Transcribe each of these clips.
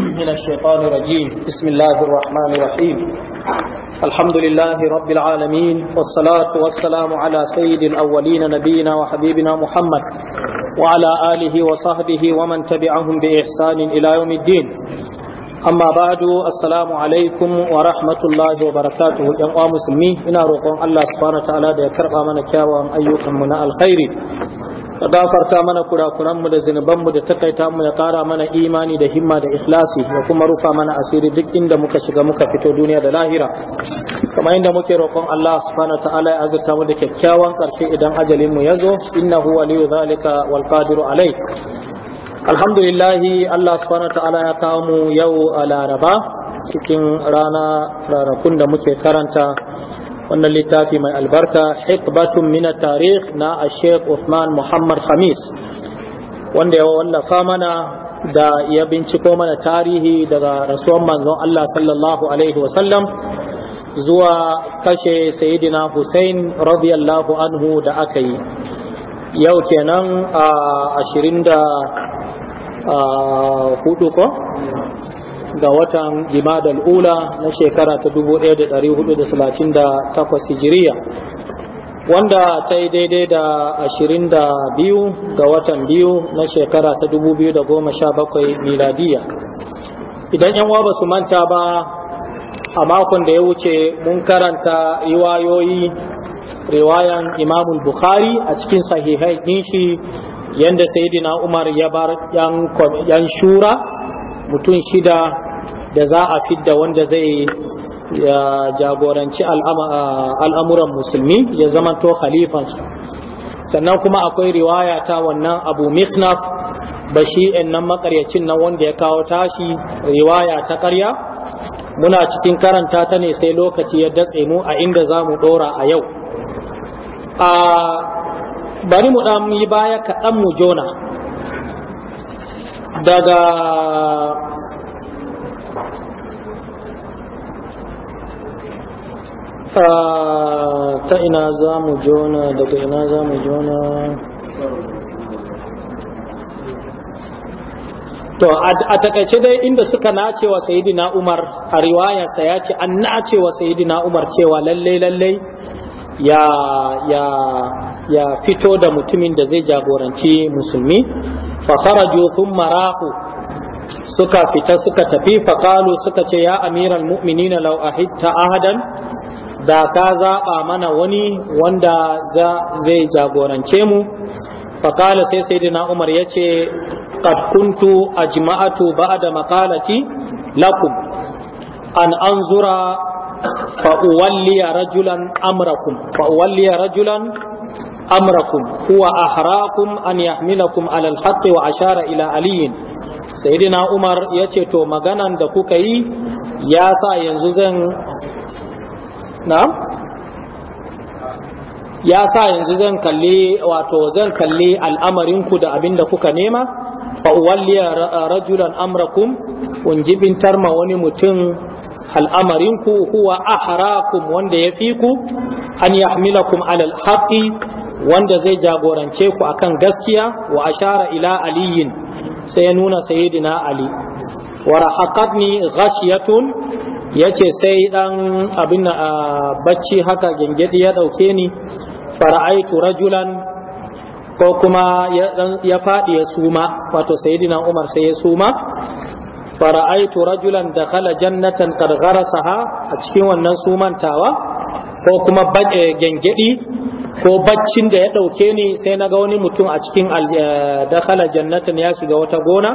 من الشيطان الرجيم بسم الله الرحمن الرحيم الحمد لله رب العالمين والصلاة والسلام على سيد الأولين نبينا وحبيبنا محمد وعلى آله وصحبه ومن تبعهم بإحسان إلى يوم الدين amma ba'du assalamu alaikum wa rahmatullahi wa barakatuhu yan uwa musulmi ina roƙon Allah subhanahu ta'ala da ya karba mana kyawawan ayyukan mu na alkhairi ka gafarta mana kurakuranmu da zunubanmu da takaita mu ya kara mana imani da himma da ikhlasi da kuma rufa mana asiri duk inda muka shiga muka fito duniya da lahira kamar inda muke roƙon Allah subhanahu wa ya azurta mu da kyakkyawan ƙarshe idan ajalin mu yazo innahu waliyu zalika wal qadiru alai alhamdulillah Allah subhanahu ta'ala ya kawo mu yau a laraba cikin rana rarakun da muke karanta wannan littafi mai albarka hikbatun mina tarih na a sheikh Usman Muhammad Hamis wanda ya wallafa mana da ya binciko mana tarihi daga rasuwan manzon Allah sallallahu alaihi wasallam zuwa kashe Sayyidina Hussein radiyallahu anhu da aka yi yau kenan a ashirin da hudu ko ga watan jimadal ula na shekara ta 1438 hijiriya wanda ta yi daidai da 22 ga watan biyu na shekara ta 2017 miladiya idan yan ba su manta ba a makon da ya wuce mun karanta riwayoyi riwayan imamul bukhari a cikin sahihai shi yadda sayidina umar ya bar yan shura mutum shida da za a fidda wanda zai jagoranci al'amuran musulmi ya zamanto khalifansu sannan kuma akwai riwaya ta wannan abu miknaf bashi nan makaryacin nan wanda ya kawo tashi riwaya ta karya muna cikin karanta ta ne sai lokaci ya datse mu a inda za mu dora a yau a bari mu ɗan yi baya kaɗan mu jona daga ta ina za mu jona daga ina za mu jona to a takaice dai inda suka nace wa sayidina umar a sa ya ce an nace wa sayidina umar cewa lalle lalle ya ya ya fito da mutumin da zai jagoranci musulmi fa kharaju thumma raqu suka fita suka tafi fa suka ce ya amiral mu'minina law ahitta ahadan da ka zaɓa mana wani wanda zai jagorance mu faƙala sai sayyidina umar ya ce qad kuntu ajma'atu ba'da maqalati lakum an anzura fa uwalliya rajulan amrakum fa uwalliya rajulan amrakum huwa ahrakum an yahmilakum ala alhaq wa ashara ila aliyin sayyidina umar yace to maganan da kuka yi ya sa yanzu zan na'am ya sa yanzu zan kalli wato zan kalli al'amarinku da abin da kuka nema fa uwalliya rajulan amrakum unjibin tarma wani mutum al'amarinku huwa ahrakum wanda ya fi ku an yahmilakum alal haqqi wanda zai jagorance ku akan gaskiya wa ashara ila aliyin sai ya nuna sayyidina ali wa rahaqatni ghashiyatun ya ce sai dan abin a bacci haka gengedi ya dauke ni fara'aitu rajulan ko kuma ya faɗi ya suma wato sayyidina umar sai ya suma fara'aitu rajulan da kala jannatan kargara saha a cikin wannan sumantawa ko kuma eh, gengedi ko baccin da ya dauke ni sai na ga wani mutum a cikin eh, dakala jannatan ya shiga wata gona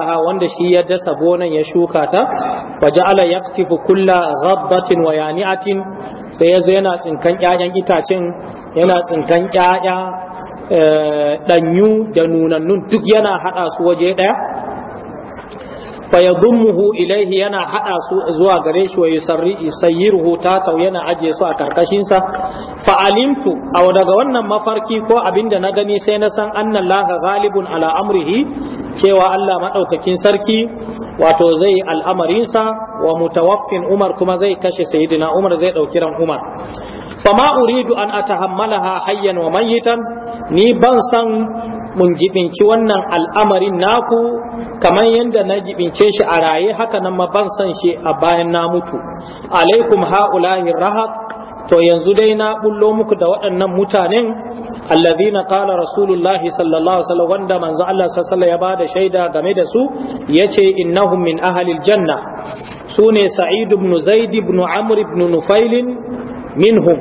ha wanda shi ya dasa gonan ya shuka ta wa ja'ala yaktifu kulla ghabbatin wa yani'atin sai yazo yana tsinkan ƴaƴan itacen yana tsinkan ƴaƴa danyu eh, da nunannun duk yana hada su waje daya fayadummuhu ilaihi yana hada su zuwa gare shi wa yusayyiruhu tatau yana ajiye su a karkashin sa fa alimtu aw daga wannan mafarki ko abinda na gani sai na san annallaha ghalibun ala amrihi cewa Allah madaukakin sarki wato zai al'amarin sa wa mutawaffin Umar kuma zai kashe sayyidina Umar zai dauki ran Umar fama uridu an atahammalaha hayyan wa mayitan ni ban san mun jibinci wannan al'amarin naku kamar yadda na jibince shi a raye haka nan ma ban san shi a bayan na mutu alaikum ha'ulahi rahaq to yanzu dai na bullo muku da waɗannan mutanen allazina qala rasulullahi sallallahu alaihi wasallam wanda manzo Allah sallallahu ya bada shaida game da su yace innahum min ahli aljanna sune sa'id ibn zaid ibn amr ibn nufail minhum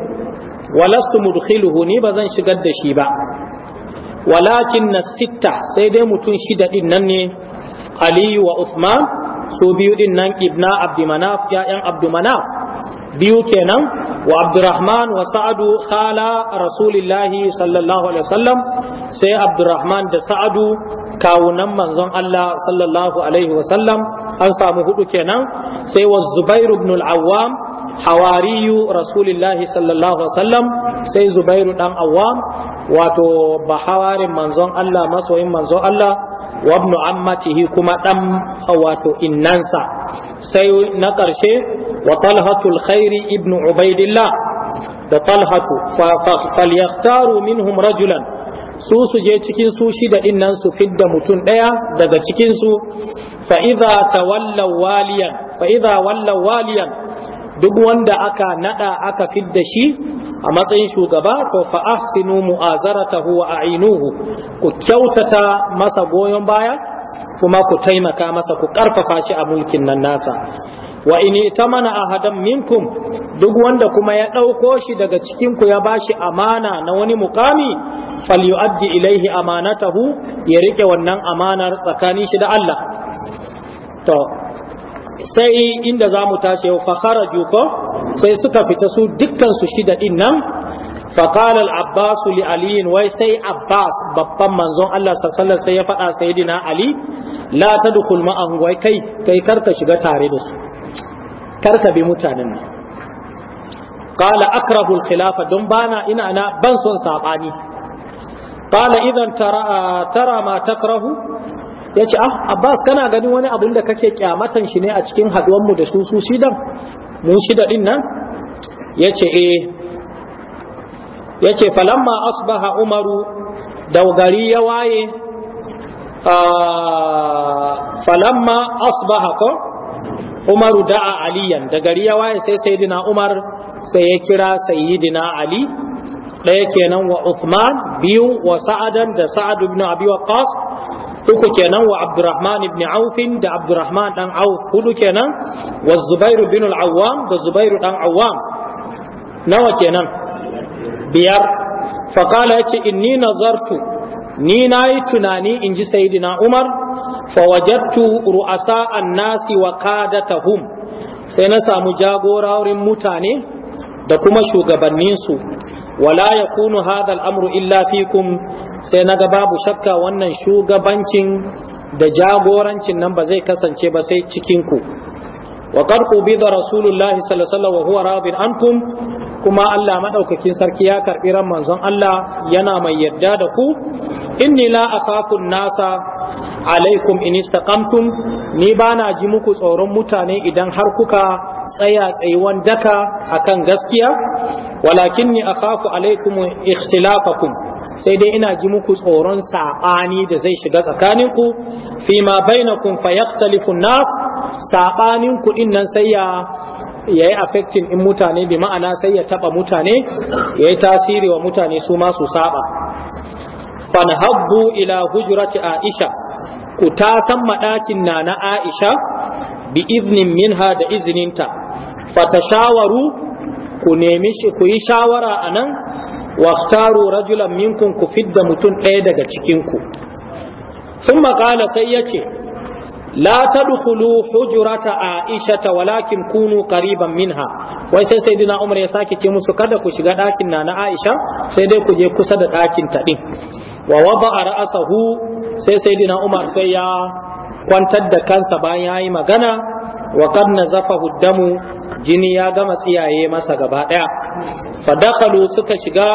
walastu mudkhiluhu ni bazan shigar da shi ba ولكن الستة سيدي متون شدة إنني علي وعثمان سوبيو إنن ابن عبد مناف جاء عبد مناف بيو كينام وعبد الرحمن وسعد خالا رسول الله صلى الله عليه وسلم سي عبد الرحمن دا سعد كاونم منزون الله صلى الله عليه وسلم أنصى مهدو كينام سي والزبير بن العوام hawariyu rasulillahi sallallahu alaihi wasallam sai zubairu dan awwam wato ba hawarin manzon Allah masoyin manzon Allah wa ibn ammatihi kuma dan wato innansa sai na karshe wa talhatul khairi ibn ubaidillah da talhatu falyaktaru minhum rajulan su su je cikin su shida din nan su fidda mutum daya daga cikin su fa idza tawallaw waliyan fa idza wallaw waliyan duk wanda aka nada aka fidda shi a matsayin shugaba to fa ahsinu mu'azaratahu wa a'inuhu ku kyautata masa goyon baya kuma ku taimaka masa ku karfafa shi a mulkin nan nasa wa in itamana ahadan minkum duk wanda kuma ya dauko shi daga cikin ku ya bashi amana na wani mukami falyu'addi ilaihi amanatahu ya rike wannan amanar tsakanin shi da Allah to sai inda za mu tashi yau fakhara juko sai suka fita su dukkan su shida din nan faqala abbas li ali wai sai abbas babban manzon Allah sallallahu sai ya faɗa dina ali la tadkhul ma'ahu wai kai kai karka shiga tare da su karka bi mutanen nan qala akrahu khilafa don bana ina na ban son saɓani, qala idan tara ma takrahu ya ce ah abbas kana ganin wani abin da kake kyamatan shi ne a cikin haduwanmu da su su shidan mun shida din nan ya ce eh ya ce falamma asbaha umaru daugari ya waye falamma asbaha ko umaru da'a aliyan da gari ya waye sai sayyidina umar sai ya kira sayyidina ali ɗaya kenan wa Uthman biyu wa Sa'adan da Sa'ad ibn Abi Waqqas uku kenan wa Abdurrahman ibn Auf da Abdurrahman dan Auf hudu kenan wa Zubairu Bin al-Awwam da Zubairu dan Awwam nawa kenan biyar fa qala yace inni nazartu ni nayi tunani inji sayyidina Umar fa wajadtu ru'asa an-nasi wa qadatahum sai na samu jagoraworin mutane da kuma shugabanninsu wala ya kunu al-amru illa fikum sai naga babu shakka wannan shugabancin da jagorancin nan ba zai kasance ba sai cikin ku wa qad qubida rasulullah sallallahu alaihi wa huwa radin ankum kuma Allah madaukakin sarki ya karbi ran manzon Allah yana mai yarda da ku inni la akhafu nasa alaikum in istaqamtum ni bana ji muku tsoron mutane idan har kuka tsaya tsayuwan daka akan gaskiya walakinni akhafu alaikum ikhtilafakum sai dai ina ji muku tsoron saɓani da zai shiga tsakaninku fi ma bainakum fa yakhtalifu nas saɓanin kuɗin nan sai ya yayi affecting in mutane bi ma'ana sai ya taɓa mutane yayi tasiri wa mutane su ma su saba fa nahabbu ila hujrati aisha ku ta san madakin na aisha bi iznin minha da izininta fa tashawaru ku nemi ku yi shawara anan waqtaru rajulan minkum ku fidda mutum ɗaya daga cikin ku sun maƙala sai ya ce la tadkhulu hujurata aisha walakin kunu kariban minha wai sai sayyidina umar ya sake ce musu kada ku shiga ɗakin na na aisha sai dai ku je kusa da ɗakin ta din a ra'asa hu, sai sayyidina umar sai ya kwantar da kansa bayan yayi magana wa qad nazafahu damu jini ya gama tsiyaye masa gaba ɗaya fadakalu suka shiga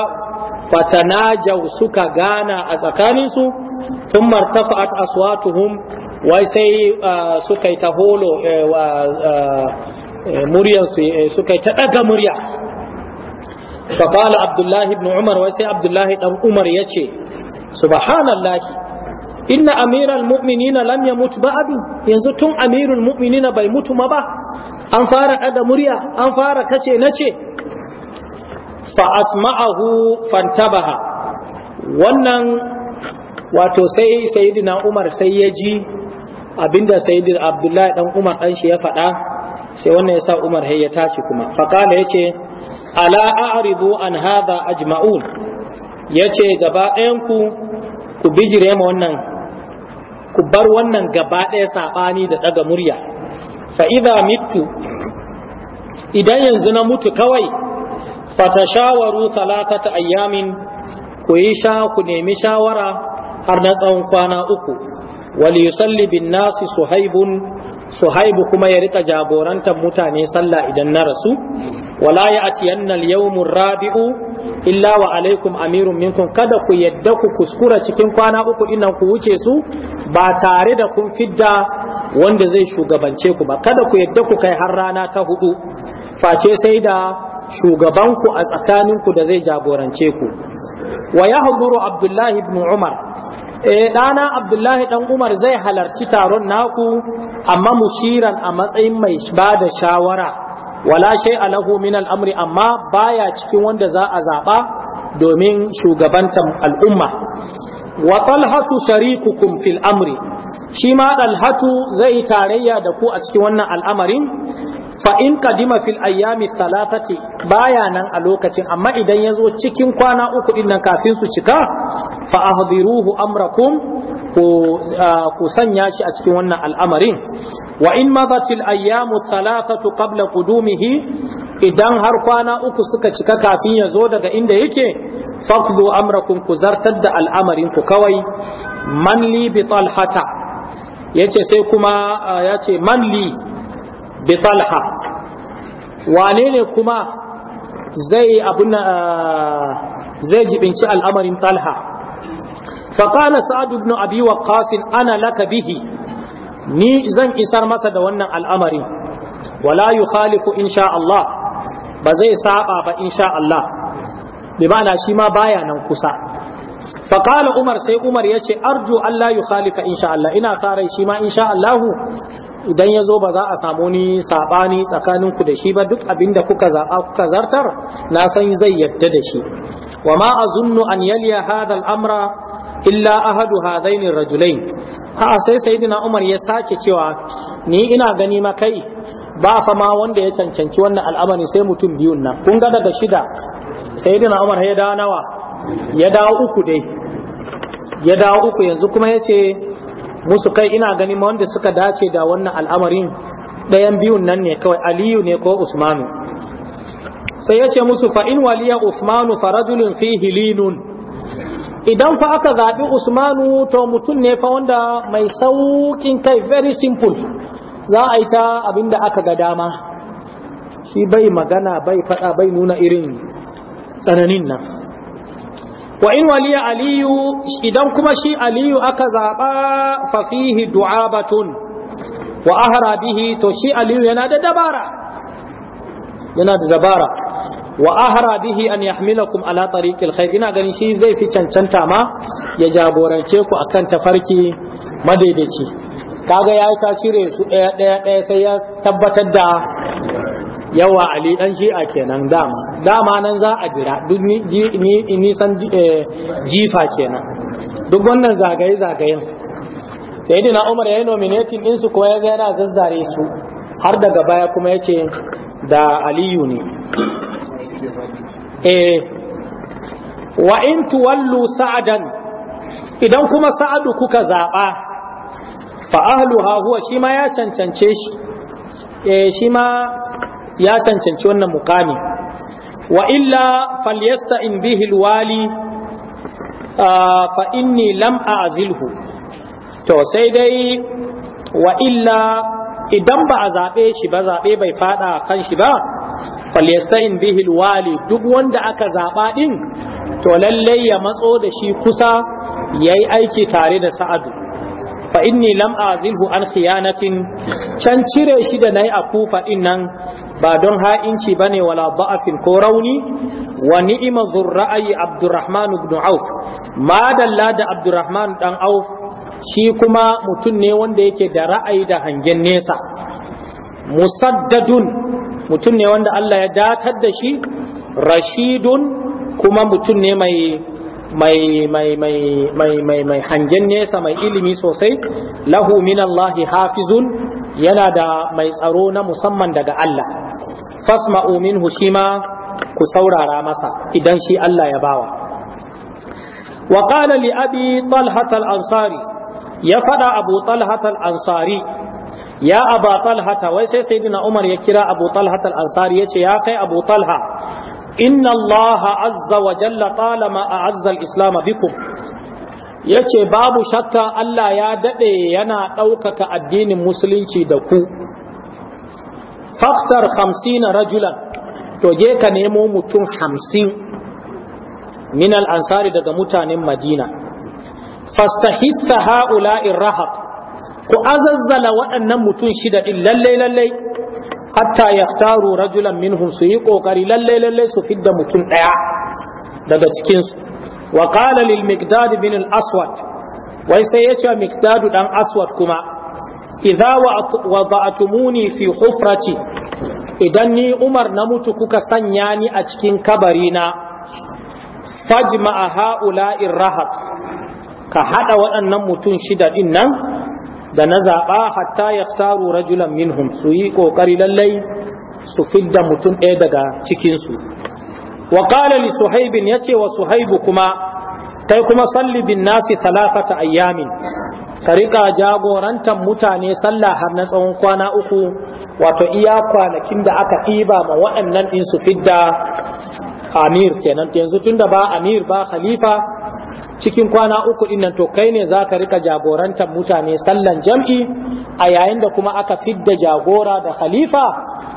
fatanajaw suka gana a tsakaninsu tun martafa'at aswatuhum wai sai suka yi ta holo muryansu suka yi ta daga murya faƙala abdullahi ibn umar wai sai abdullahi dan umar ya ce subhanallahi inna amiral mu'minina lam ba abin? yanzu tun amirul mu'minina bai mutu ma ba an fara daga murya an fara kace ce? fa asma'ahu fantabaha wannan wato sai sayyidina Umar sai ya ji abinda sayyidina Abdullahi dan Umar dan shi ya faɗa sai wannan yasa Umar ya tashi kuma fa kana yace ala a'ridu an hadha ajma'un yace gaba ɗayan ku ku bijire ma wannan ku bar wannan gaba ɗaya saɓani da ɗaga murya fa idza mitu idan yanzu na mutu kawai fatashawaru talatata ayyamin ku yi sha ku nemi shawara har na tsawon kwana uku wal yusalli bin nasi suhaibun suhaibu kuma ya rika jagorantar mutane sallah idan na rasu wala ya atiyanna al-yawmur rabi'u illa wa alaikum amirun minkum kada ku yadda ku kuskura cikin kwana uku dinnan ku wuce su ba tare da kun fidda wanda zai shugabance ku ba kada ku yadda ku kai har rana ta hudu face sai da shugabanku a tsakaninku da zai jagorance ku wa ya abdullahi ibn umar eh ɗana abdullahi dan umar zai halarci taron naku amma mushiran a matsayin mai ba da shawara wala shai alahu min al'amri amma baya cikin wanda za a zaɓa domin shugabantan al'umma wa talhatu sharikukum fil amri shi ma dalhatu zai tarayya da ku a cikin wannan al'amarin fa in kadima fil ayyami thalathati baya nan a lokacin amma idan ya zo cikin kwana uku din nan kafin su cika fa ahdiruhu amrakum ku ku sanya shi a cikin wannan al'amarin wa in madatil ayyamu thalathatu qabla qudumihi idan har kwana uku suka cika kafin ya zo daga inda yake faqdu amrakum ku zartar da al'amarin ku kawai man li bi talhata yace sai kuma yace man li bi talha wane ne kuma zai abun eh, zai jibinci al'amarin talha faƙala sa'adu ibn abi waqqas ana laka bihi ni zan isar masa da wannan al'amarin. wala yukhalifu insha Allah ba zai saba ba insha Allah bi ma'ana shi ma baya nan kusa faƙala umar sai umar ya ce, arju Allah yukhalifa insha Allah ina sa rai shi ma insha Allah idan ya zo ba za a samu ni saɓani ku da shi ba duk abin da kuka zaɓa kuka zartar na san zai yadda da shi wa ma a an yaliya hadal amra illa ahadu hadaini rajulain ha sai sayyidina umar ya sake cewa ni ina gani ma kai ba fa ma wanda ya cancanci wannan al'amari sai mutum biyun nan kun ga daga shida sayyidina umar ya dawo nawa ya dawo uku dai ya dawo uku yanzu kuma ya ce musu kai ina ganin wanda suka dace da wannan al'amarin ɗayan biyun nan ne kawai aliyu ne ko usmanu sai ya ce musu fa in waliya usmanu fa rajulun fihi idan fa aka zaɓi usmanu to mutum ne fa wanda mai saukin kai very simple za a yi ta abin da aka ga dama shi bai magana bai faɗa bai nuna irin tsananin nan wa in waliya aliyu idan kuma shi aliyu aka zaɓa fafihi du'abatun wa ahra bihi to shi aliyu yana da dabara yana da dabara wa ahra bihi an yahmilakum ala tariqil khair ina ganin shi zai fi cancanta ma ya jagorance ku akan tafarki madaidaici kaga yayi ta cire su ɗaya ɗaya ɗaya sai ya tabbatar da yawa ali dan shi'a kenan dama dama nan za a jira duk nisan eh, jifa kenan duk wannan zagaye zagayen sayyidina umar ya yi nominating din su kuma ya ga yana zazzare su har daga baya kuma yace da aliyu ne eh wa in tuwallu sa'adan idan kuma sa'adu kuka zaba fa ahluha huwa shi ma ya cancance shi eh shi ma ya cancanci wannan mukami wa illa in bihi alwali fa inni lam a'zilhu to sai dai wa illa idan ba a zaɓe shi ba zaɓe bai faɗa kan shi ba falyasta'in bihi alwali duk wanda aka zaɓa din to lallai ya matso da shi kusa yayi aiki tare da sa'adu fa inni lam azilhu an khiyanatin can cire shi da nayi a kufa din nan ba don ha'inci bane wala ba'afin ko rauni wa ni'ima zurra'i abdurrahman ibn auf ma dalla da abdurrahman dan auf shi kuma mutum ne wanda yake da ra'ayi da hangen nesa musaddadun mutum ne wanda Allah ya datar da shi rashidun kuma mutum ne mai mai mai mai mai mai mai hangen nesa mai ilimi sosai lahu min Allah hafizun yana da mai tsaro na musamman daga Allah fasma'u minhu shima ku saurara masa idan shi Allah ya bawa wa qala li abi talhat al ansari ya fada abu talhat al ansari ya aba talhata wai sai sayyidina umar ya kira abu talhat al ansari yace ya kai abu talha inna allaha azza wa jalla talama a azzal islam bikum ya ce babu shakka Allah ya daɗe yana ɗaukaka addinin musulunci da ku faftar hamsin rajulan to je ka nemo mutum hamsin minal ansari daga mutanen madina fastahitta ha'ula'in rahab ku azazzala waɗannan mutum shida ɗin lallai lallai hatta yaftaru rajulan minhum su yi ƙoƙari lalle lallai su fidda mutum ɗaya daga cikinsu. su wa lil bin al aswad wai sai yace Mikdadu ɗan aswad kuma idza wada'tumuni fi hufrati idan ni umar na mutu kuka sanya ni a cikin kabari na fajma'a ha'ula'ir rahab ka hada waɗannan mutum shida din nan da na zaɓa hatta ya taru rajulan minhum su yi ƙoƙari lallai su fidda mutum ɗaya daga cikinsu wa ƙala li suhaibin ya ce wa suhaibu kuma kai kuma salli bin nasi talafata ayyamin ka riƙa jagorantar mutane sallah har na tsawon kwana uku wato iya kwanakin da aka ɗiba ma waɗannan ɗin su fidda amir kenan yanzu tunda ba amir ba khalifa cikin kwana uku dinnan to kai ne za ka rika jagorantar mutane sallan jam'i a yayin da kuma aka fidda jagora da khalifa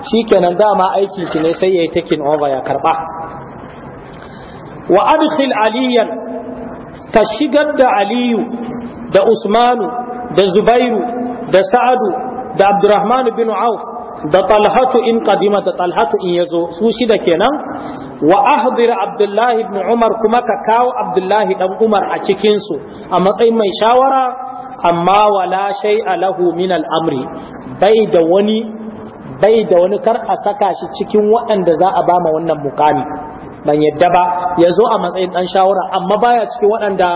shikenan dama aikin shi ne sai ya yi taking over ya karba wa adkhil aliyan ka shigar da aliyu da usmanu da zubairu da sa'adu da abdurrahman bin auf da talhatu in kadima da talhatu in yazo su shida kenan wa ahdir abdullahi ibn umar kuma ka kawo abdullahi dan umar a cikin su a matsayin mai shawara amma wala shai Alahu min al-amri bai da wani bai da wani kar a saka shi cikin waɗanda za a bama wannan mukami ban yadda ba ya zo a matsayin dan shawara amma baya cikin waɗanda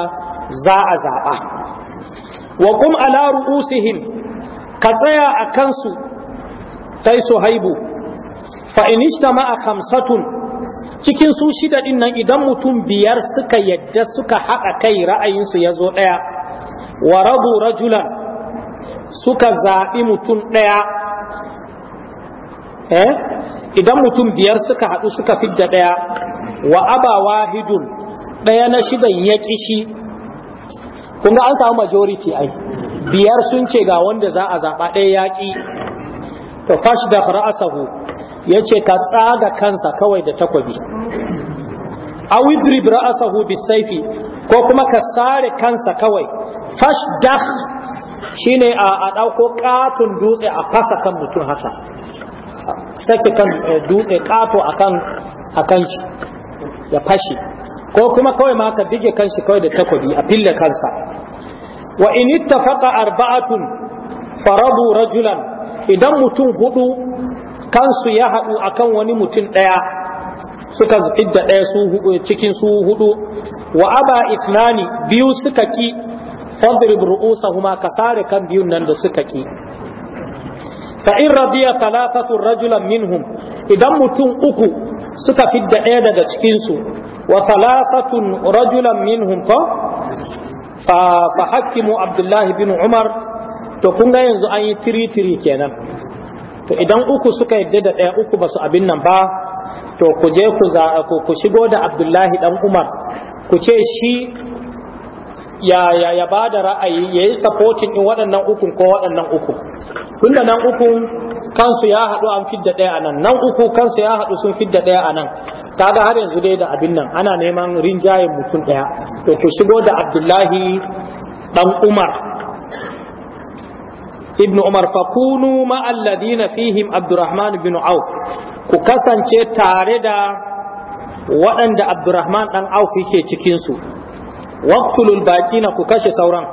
za a zaɓa wa kum ala ru'usihim ka tsaya a kansu kai su haibu fa in ijtama'a khamsatun cikin su shida din nan idan mutum biyar suka yadda suka haɗa kai ra'ayinsu ya zo ɗaya wa rabu rajulan suka zaɓi mutum ɗaya eh idan mutum biyar suka haɗu suka fidda ɗaya wa aba wahidun ɗaya na shidan ya ƙishi kun ga an samu majority ai biyar sun ce ga wanda za a zaɓa ɗaya yaƙi to fash da ra'asahu ya ce ka tsaga kansa kawai da takwabi a widrib ra'asahu bisaifi ko kuma ka sare kansa kawai fashdakh shine a ɗauko katun dutse a fasa kan mutum haka sake kan eh, dutse kato akan kan shi ya fashi ko kuma kawai ma ka bige shi kawai da takobi a fille kansa wa in ittafaqa arba'atun faradu rajulan idan mutum hudu kansu ya haɗu akan wani mutum ɗaya suka fidda ɗaya cikin su hudu wa aba itnani biyu suka ki fadrib ru'usahuma ka sare kan biyun nan da suka ki fa in radiya thalathatu rajulan minhum idan mutum uku suka fidda ɗaya daga cikin su wa thalathatu rajulan minhum fa fa hakimu Abdullahi bin umar to kun ga yanzu an yi tiri tiri kenan to idan uku suka yadda da ɗaya uku basu su abin nan ba to ku je ku shigo da abdullahi dan umar ku ce shi ya ya ya ba da ra'ayi ya yi supporting in waɗannan uku ko waɗannan uku tunda nan uku kansu ya haɗu an fidda ɗaya anan nan uku kansu ya haɗu sun fidda ɗaya anan kaga har yanzu dai da abin nan ana neman rinjayen mutum ɗaya to ku shigo da abdullahi dan umar ibnu umar fakunu ma'alladina fihim abdurrahman bin auf ku kasance tare da waɗanda abdurrahman ɗan auf yake cikinsu baƙi na ku kashe sauran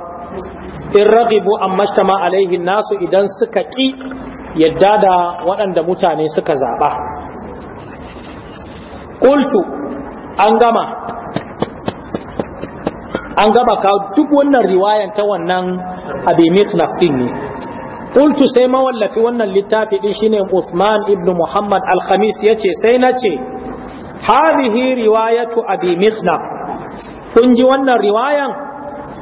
in ragibu amma shtama alaihin nasu idan suka ƙi yadda da waɗanda mutane suka zaɓa Kultu an gama an gama ka duk wannan riwayan ta wannan abi na din ne qultu sai mawallafi wannan littafi din shine Usman ibnu Muhammad al yace sai nace Habihi, riwayatu Abi Mikhnaf kun ji wannan riwayan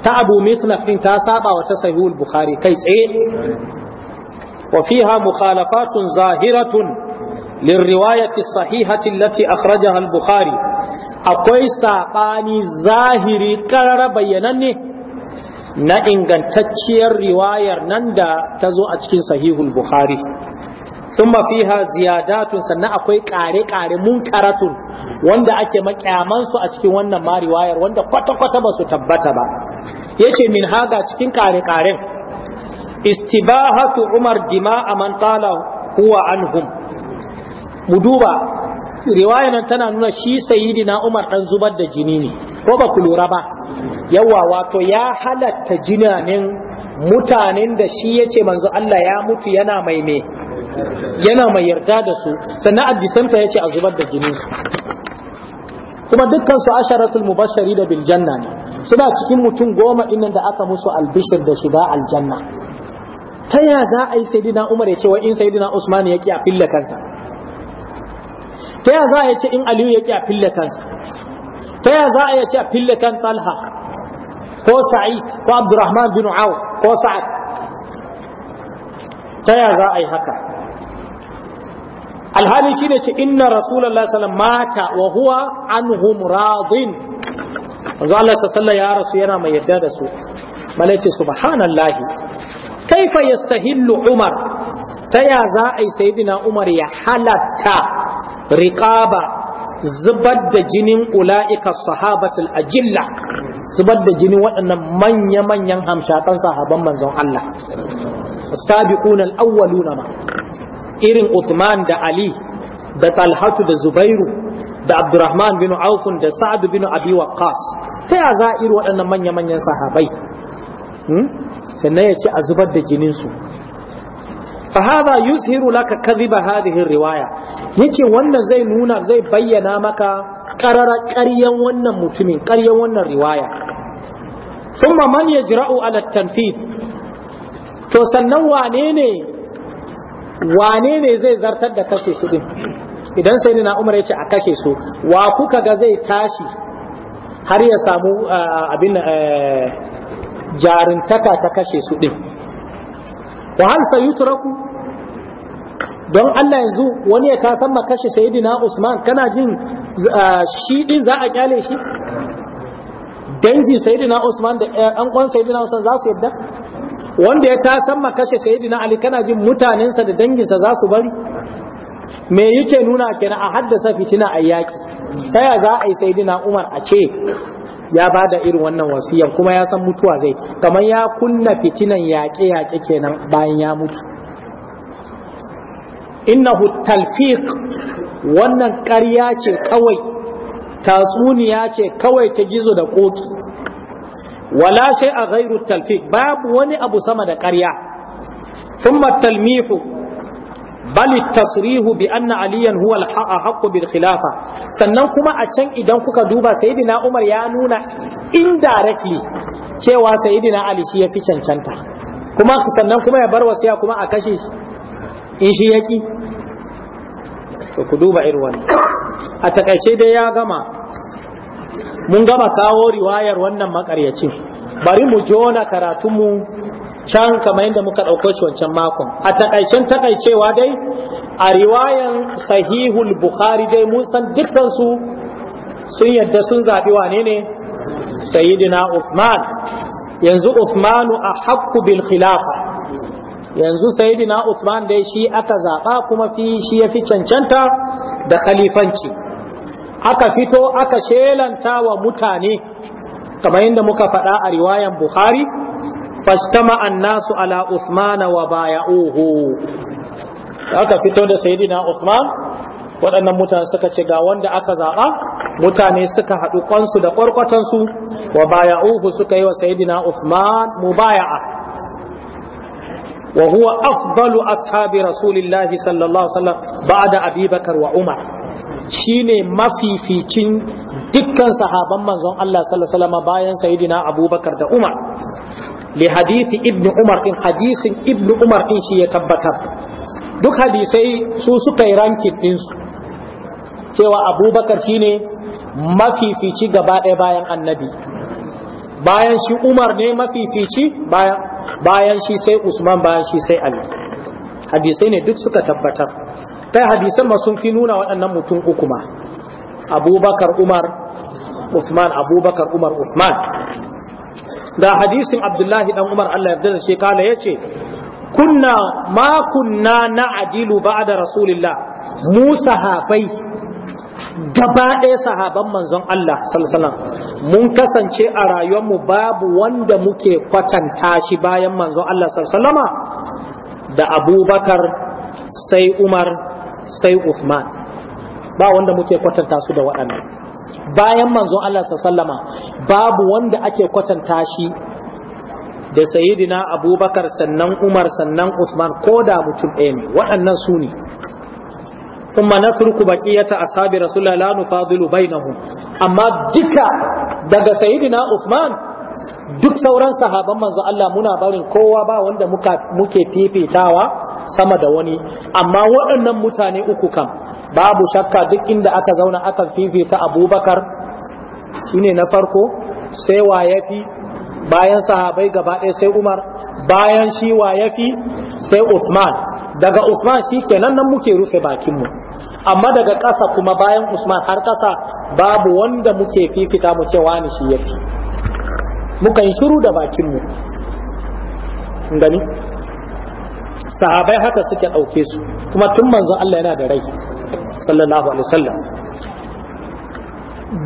ta Abu Mikhnaf din ta saba wa ta Sahihul Bukhari kai tsaye Wafiha fiha mukhalafatun zahiratun lirriwayati sahihati allati akhrajaha al-Bukhari akwai saɓani zahiri karara bayyananne na ingantacciyar riwayar nan da ta zo a cikin sahihul bukhari sun fiha ziyadatun sannan akwai kare-kare ƙare munkaratun wanda ake makyamansu a cikin wannan ma riwayar wanda kwata-kwata ba su tabbata ba yace min haga cikin kare-karen. istibahatu umar dima'a man qala huwa anhum mu duba riwayar nan tana nuna shi sayyidina umar dan zubar da jini ne ko ba ku lura ba yawa wato ya halatta jinanin mutanen da shi yace manzo Allah ya mutu yana mai me yana mai yarda da su sannan addisanta yace a zubar da jinin kuma dukkan su asharatul mubashari da bil janna ne suna cikin mutum goma dinnan da aka musu albishir da shiga aljanna ta ya za a yi sayyidina Umar ya ce wa in sayyidina Usman ya ki a fille kansa ta ya za a ce in Aliyu ya ki a fille kansa ta ya za a iya ce a fille kan talha ko sa'id ko abdurrahman bin aw ko sa'ad ta ya za a yi haka alhali shi ne ce inna rasulallah sallam mata wa huwa an radin manzo Allah sallar ya rasu yana mai yadda da su malai ce subhanallahi kaifa yastahillu umar ta ya za a yi sayidina umar ya halatta riƙaba? zubar da jinin ula'ika sahabatul ajilla zubar da jinin waɗannan manya-manyan hamshakan sahaban manzon Allah sabiquna al-awwaluna ma irin Uthman da Ali da Talhatu da Zubairu da Abdurrahman bin Auf da Sa'adu bin Abi Waqqas ta ya za iri waɗannan manya-manyan sahabai hmm? sannan ya ce a zubar da jininsu fa hadha yuzhiru laka kadhiba hadhihi riwaya yake wannan zai nuna zai bayyana maka karara ƙaryan wannan mutumin ƙaryan wannan riwaya thumma man yajra'u ala tanfiz to sannan wane ne wane ne zai zartar da kashe su din idan sai na umar yace a kashe su wa kuka ga zai tashi har ya samu abin jarintaka ta kashe su din wa hal sayutraku don Allah yanzu wani ya kasan kashe sayidina Usman kana jin shi din za a kyale shi dangi sayidina Usman da ɗan uwan sayidina Usman za su yadda wanda ya kasan kashe sayidina Ali kana jin mutanensa da danginsa za su bari me yake nuna kenan a haddasa fitina a yaƙi ta ya za a yi sayidina Umar a ce ya ba da irin wannan wasiyar kuma ya san mutuwa zai kamar ya kunna fitinan yaƙe-yaƙe kenan bayan ya mutu innahu talfiq wannan ƙarya ce kawai tatsuniya ce kawai ta gizo da ƙoki wala shay a ghairu talfiq babu wani abu sama da ƙarya thumma talmihu bal tasrihu bi anna aliyan huwa al-haqqu bil khilafa sannan kuma a can idan kuka duba sayyidina Umar ya nuna indirectly cewa sayyidina Ali shi ya fi cancanta kuma sannan kuma ya bar wasiya kuma a kashe shi in shi yaki to ku duba irin wannan a takaice dai ya gama mun gama kawo riwayar wannan makaryacin bari mu jona karatunmu can kamar yadda muka ɗauko shi wancan makon a takaicen takaicewa dai a riwayan sahihul bukhari dai mun san dukkansu sun yadda sun zaɓi wane ne sayidina usman yanzu usmanu a bil khilafa yanzu sayyidina Usman dai shi aka zaɓa kuma fi shi ya fi cancanta da khalifanci aka fito aka shelanta wa mutane kamar yadda muka faɗa a riwayan Bukhari fastama annasu ala Uthman wa baya'uhu aka fito da sayyidina Usman waɗannan mutane suka ce ga wanda aka zaɓa mutane suka haɗu kwansu da ƙwarƙwatansu wa uhu suka yi wa sayyidina Uthman mubaya'a wa huwa afdalu ashabi rasulillahi sallallahu alaihi wasallam ba'da abi bakar wa umar shine mafificin dukkan sahaban manzon Allah sallallahu bayan saidina abubakar da umar li hadisi ibnu umar din hadisin ibnu umar din shi ya tabbatar duk hadisai su suka rankin din su cewa abubakar shine mafifici gaba ɗaya bayan annabi bayan shi umar ne mafifici bayan shi sai usman bayan shi sai ali hadisai ne duk suka tabbatar kai hadisan ma sun fi nuna waɗannan mutum uku ma abubakar umar usman abubakar umar usman da hadisin abdullahi dan umar allah ya da shi kala ya ce kunna ma kunna na ajilu ba da rasulillah mu sahabai gaba ɗaya sahaban manzon Allah salsalan mun kasance a rayuwarmu babu wanda muke kwatanta shi bayan manzon Allah salsalama da abubakar sai umar sai Uthman ba wanda muke kwatanta su da waɗannan bayan manzon Allah salsalama babu wanda ake kwatanta shi da sayidina abubakar sannan umar sannan Uthman ko da mutum ɗaya ne waɗannan su ne thumma nasruku baqiyata ashabi rasulullah la nufadilu bainahu amma duka daga sayyidina Usman, duk sauran sahaban manzo Allah muna barin kowa ba wanda muka muke fifitawa sama da wani amma waɗannan mutane uku kam babu shakka duk inda aka zauna aka fifita Abubakar shine na farko sai wa yafi bayan sahabai gaba ɗaya sai Umar bayan shi wa yafi sai Usman. daga Usman shi kenan nan muke rufe bakinmu amma daga ƙasa kuma bayan usman har ƙasa babu wanda muke fifita mu cewa wani shi ya fi muka yi shiru da bakinmu gani sahabai haka suke ɗauke su kuma tun manzo Allah yana da rai sallallahu alaihi wasallam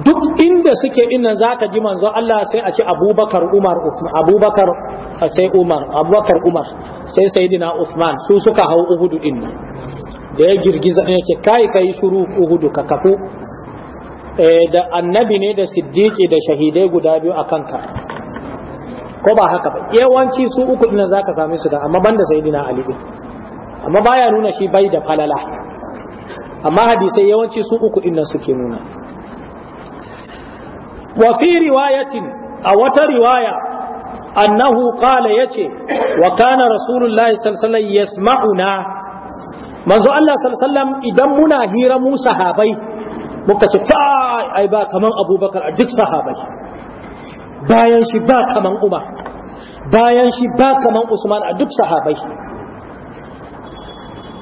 duk inda suke inna zaka ji manzo Allah sai a ce Abubakar Umar Abubakar sai Umar Abubakar Umar sai Sayyidina Uthman su suka hau Uhud din da ya girgiza ne ce kai kai shuru uhudu ka kafu eh, da annabi ne da siddiqi da shahidai guda biyu a kanka ko ba haka ba yawanci su uku dinan ka same su da amma banda sayyidina ali din amma baya nuna shi bai da falala amma hadisai yawanci su uku dinan suke nuna wa fi riwayatin a wata riwaya annahu qala yace wa kana rasulullahi sallallahu alaihi wasallam yasma'una manzo Allah sallallahu idan muna hira mu sahabai muka ce kai ai ba kaman Abubakar a duk sahabai bayan shi ba kaman Umar bayan shi ba kaman Usman a duk sahabai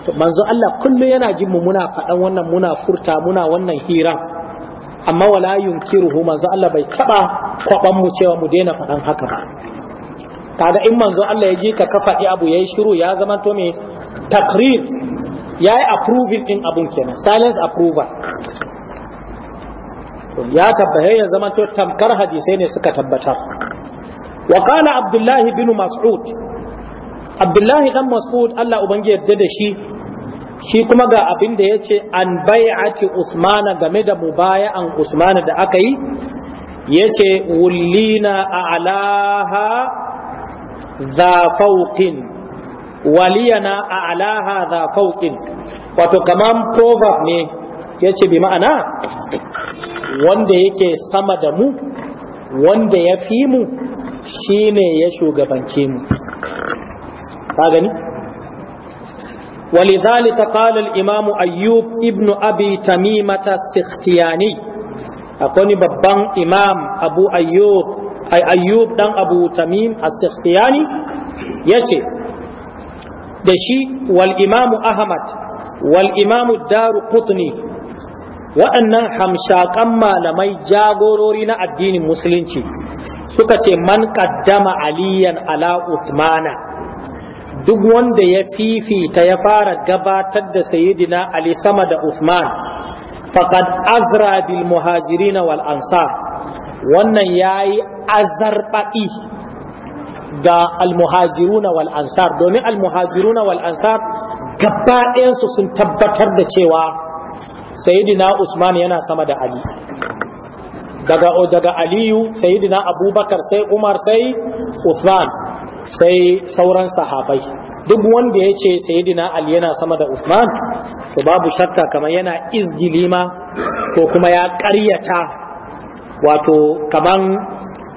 to manzo Allah kullum yana jin mu muna faɗan wannan muna furta muna wannan hira amma wala yunkiruhu manzo Allah bai taba kwaban mu cewa mu daina faɗan haka ba kaga in manzo Allah ya je ka ka abu abu yayi shiru ya zama to me takrir ya yi approving ɗin abun kenan silence approval ya tabbata ya zama to tamkar hadisai ne suka tabbatar wa abdullahi bin mas'ud abdullahi dan mas'ud Allah ubangi yadda da shi shi kuma ga abin da yace an bai'ati usmana game da mubaya'an usmana da aka yi yace wullina a'laha za fawqin waliyana a alaha za fauƙin wato kamar proverb ne ya ce bi ma'ana wanda yake sama da mu wanda ya fi mu shi ne ya shugabanci mu ta gani walizali ta kalar imamu ayyub Ibnu abi tamimata sikhtiyani akwai babban imam abu ayyub ɗan ayyub abu tamim a sikhtiyani ya ce da shi wal imamu ahmad wal imamu daru qutni waɗannan hamshaƙan malamai jagorori na addinin musulunci suka ce man ƙaddama aliyan ala usmana duk wanda ya fifita ya fara gabatar da sayidina ali sama da usman faqad azra bil muhajirina wal ansar wannan yayi azarbaɗi ga almuhajiruna wal ansar domin almuhajiruna wal ansar gaba ɗayansu sun tabbatar da cewa sayidina usman yana sama da ali daga daga aliyu sayidina abubakar sai umar sai usman sai sauran sahabai duk wanda ya ce sayidina ali yana sama da usman to babu shakka kamar yana izgilima ko kuma ya ƙaryata wato kaman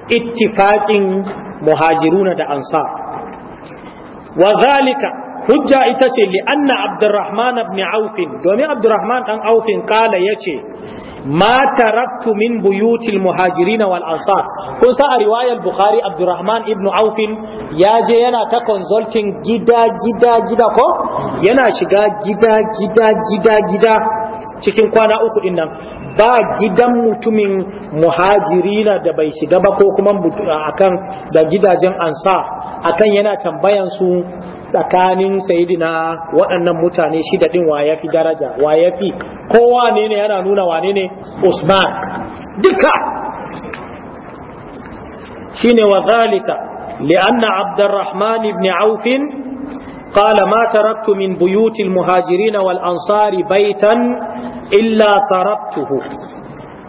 ittifaƙin muhajiruna da ansar wa zalika hujja ita ce li anna abdurrahman ibn auf domin abdurrahman dan auf kala yace ma taraktu min buyutil muhajirin wal ansar kun sa a riwayar bukhari abdurrahman ibn auf ya je yana ta consulting gida gida gida ko yana shiga gida gida gida gida cikin kwana uku din nan ba gidan mutumin muhajirina da bai shiga ba ko kuma akan da gidajen ansa akan yana tambayan su tsakanin sayidina waɗannan mutane shida din wa yafi daraja wa yafi kowa ne ne yana nuna wane ne Usman duka shine wa zalika li'anna Abdurrahman ibn aufin قال ما تركت من بيوت ansari والأنصار بيتا إلا تركته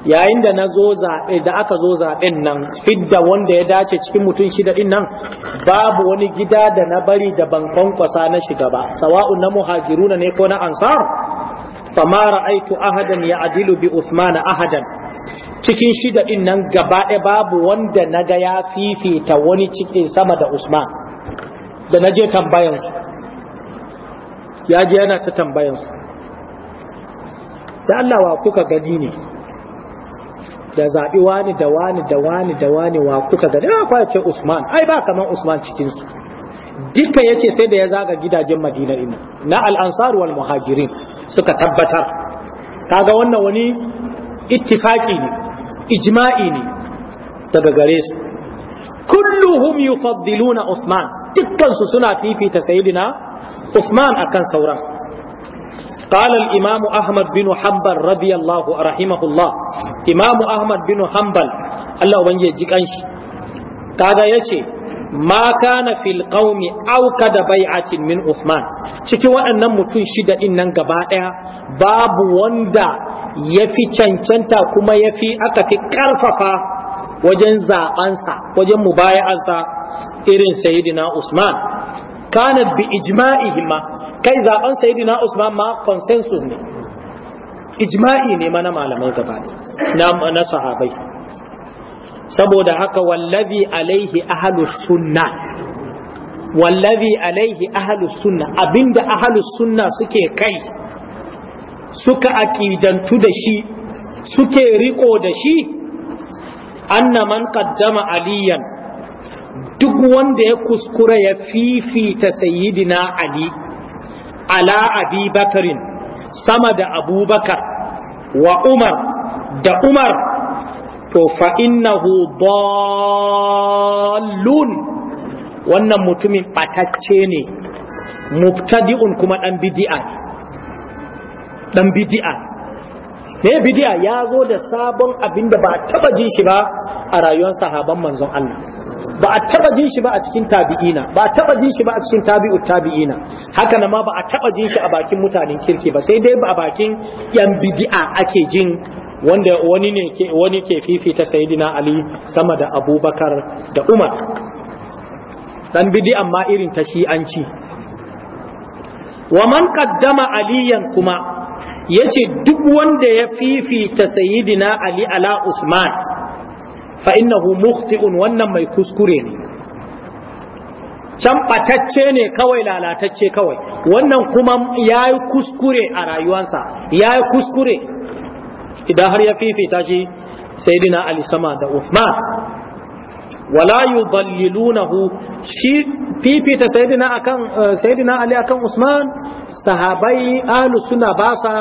yayin da na zo zaɓe da aka zo zaɓen nan fidda wanda ya dace cikin mutum shida ɗin babu wani gida da na bari da ban kwankwasa na shiga ba sawa'un na muhajiruna ne ko na ansar fama Aitu ahadan ya Adilubi Usman usmana ahadan cikin shida ɗin gaba ɗaya babu wanda na ga ya fifita wani cikin sama da usman da na je tambayansu ya je yana ta tambayansu da Allah wa kuka gani ne da zaɓi wani da wani da wani da wani wa kuka gani ya kwaya ce Usman ai ba kamar Usman cikinsu duka ya ce sai da ya zaga gidajen madina ina na al'ansar wal muhajirin suka tabbatar kaga wannan wani ittifaki ne ijma'i ne daga gare su kulluhum yufaddiluna Usman dukkansu suna fifita sayyidina Uthman akan sauran قال الإمام أحمد بن حنبل رضي الله رحمه الله إمام أحمد بن حنبل الله وانجي جيكانش كذا يشي ما كان في القوم أو كذا بيعة من عثمان cikin waɗannan mutum shida ɗin nan gaba ɗaya babu wanda ya fi cancanta kuma ya fi aka fi ƙarfafa wajen zaɓensa wajen mubaya'ansa irin saidina Usman kana bi ijma'ihim kai zaben sayyidina usman ma consensus ne ijma'i ne mana malaman gaba na na saboda haka wallazi alaihi ahlus sunnah wallazi alaihi ahlus sunna abinda ahlus sunna suke kai suka aqidantu da shi suke riko da shi anna man qaddama aliyan duk wanda ya kuskura ya fifita sayyidina ali ala abi bakarin sama da abubakar wa umar da umar to fa innahu dallun wannan mutumin batacce ne mubtadi'un kuma dan bid'a dan bid'a Ne bidiya ya zo da sabon abin da ba a taba jin shi ba a rayuwar sahaban manzon Allah ba a taba jin shi ba a cikin tabi'ina ba a taba jin shi ba a cikin tabi'u tabi'ina haka nan ma ba a taba jin shi a bakin mutanen kirki ba sai dai a bakin yan bidi'a ake jin wanda wani ne ke wani ke fifita sayyidina ali sama da abubakar da umar dan bidi'a amma irin ta shi'anci wa man qaddama aliyan kuma yace duk wanda ya fifita sayyidina ali ala usman fa innahu mukhti'un wannan mai kuskure ne can batacce ne kawai lalatacce kawai wannan kuma yayi kuskure a rayuwarsa yayi kuskure idan har ya fifita shi sayyidina ali sama da usman wala yudallilunahu shi fifita sayyidina akan eh, sayyidina ali akan usman sahabai ahlu sunna ba sa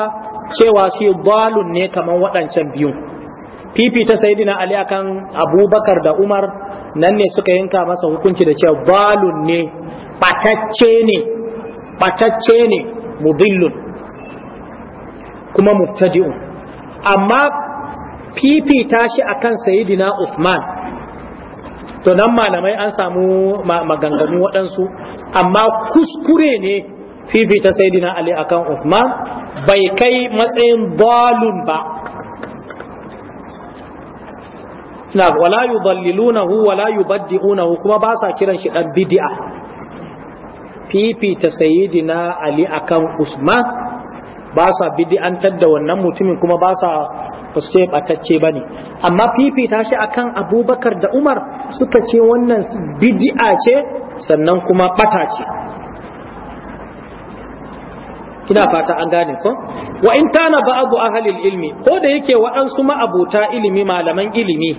cewa shi dalun ne kaman waɗancan biyu fifita sayyidina ali akan abubakar da umar nan ne suka yanka masa hukunci da cewa dalun ne batacce ne batacce ne mudillun kuma mubtadi'un amma fifita shi akan sayyidina usman to nan malamai an samu maganganu waɗansu amma kuskure ne fifita saidina ali akan Uthman bai kai matsayin balun ba na wala yudallilunahu wala yubaddi'unahu kuma ba sa kiran shi dan bid'a fifita sayyidina ali akan Usman ba sa bid'antar da wannan mutumin kuma ba sa ba su ce batacce ba amma fifita shi akan abubakar da umar suka ce wannan bidi'a ce sannan kuma bata ce ina fata an gane ko wa in kana ba'du ahlil ilmi ko da yake waɗansu ma'abuta ilimi malaman ilimi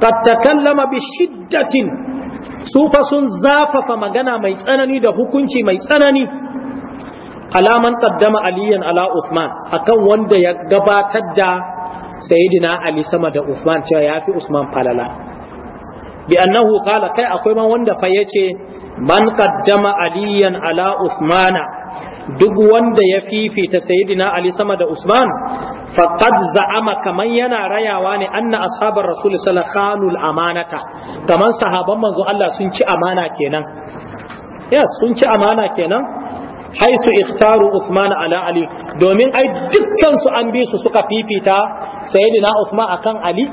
qad takallama bi shiddatin su fa sun zafafa magana mai tsanani da hukunci mai tsanani alaman qaddama aliyan ala Uthman akan wanda ya gabatar da sayyidina Ali sama da Uthman cewa yafi Usman falala bi annahu qala kai akwai man wanda fa yace man qaddama aliyan ala Uthmana duk wanda ya fifita sayyidina Ali sama da Usman faqad za'ama kaman yana rayawa ne anna ashabar rasul sallallahu amanata kaman sahaban manzo Allah sun ci amana kenan ya sun ci amana kenan haisu ikhtaru Uthman ala Ali domin ai dukkan su an bi su suka fifita sayyidina Usman akan Ali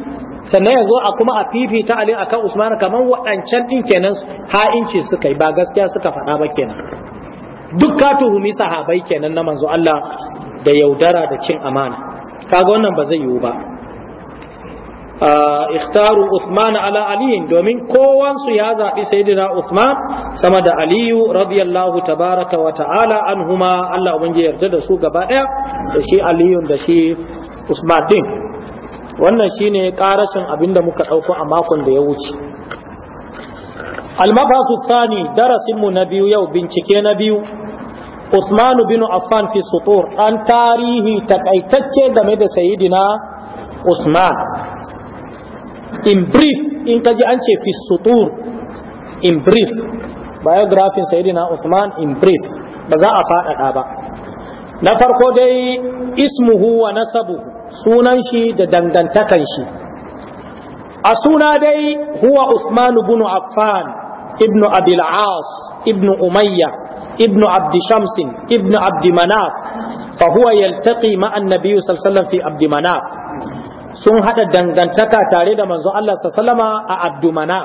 sannan yanzu a kuma a fifita Ali akan Usman kaman waɗancan din kenan ha'inci suka yi ba gaskiya suka faɗa ba kenan duk ka tuhumi sahabai kenan na manzo Allah da yaudara da cin amana kaga wannan ba zai yiwu ba ikhtaru Uthman ala Ali domin kowansu ya zaɓi saidina Usman sama da Aliyu radiyallahu tabaraka wa ta'ala anhuma Allah ubangiji yarda da su gaba ɗaya da shi Aliyun da shi Uthman din wannan shine karashin abinda muka ɗauko a makon da ya wuce almabasu thani darasinmu na biyu yau bincike na biyu Uthman bin Affan fi sutur an tarihi takaitacce game da saidina Usman. in brief in kaji an ce fi sutur in brief biography sayyidina Uthman in brief ba za a faɗaɗa ba na farko dai ismuhu wa nasabu sunan shi da dangantakan shi a suna dai huwa Uthman ibn Affan ibn Abil As ibn Umayya ابن عبد شمس ابن عبد مناف فهو يلتقي مع النبي صلى الله عليه وسلم في عبد مناف sun haɗa dangantaka tare da manzon Allah sallama a Abdumana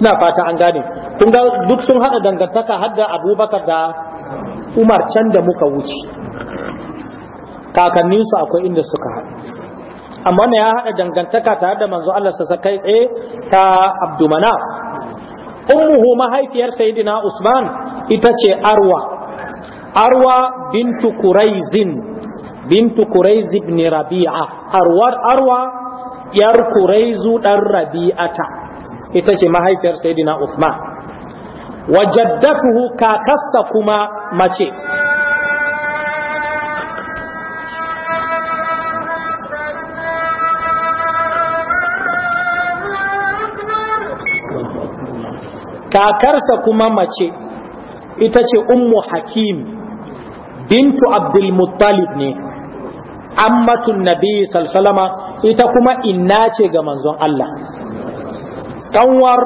ina fata an gane kun ga duk sun haɗa dangantaka har da Abubakar da Umar can da muka wuce kakanninsu akwai inda suka haɗu amma ne ya haɗa dangantaka tare da manzo Allah sassa kai tsaye ta Abdumanaf ummuhu mahaifiyar sayyidina Usman ita ce Arwa Arwa bintu Quraizin bintu Quraiz ibn Rabi'a arwar arwa yar Quraizu dan Rabi'ata ita ce mahaifiyar Sayyidina Uthman wa jaddatuhu kakassa kuma mace kakarsa kuma mace ita ce ummu hakim bintu abdulmuttalib ne ammatun nabi salsalama ita kuma inna ce ga manzon Allah kanwar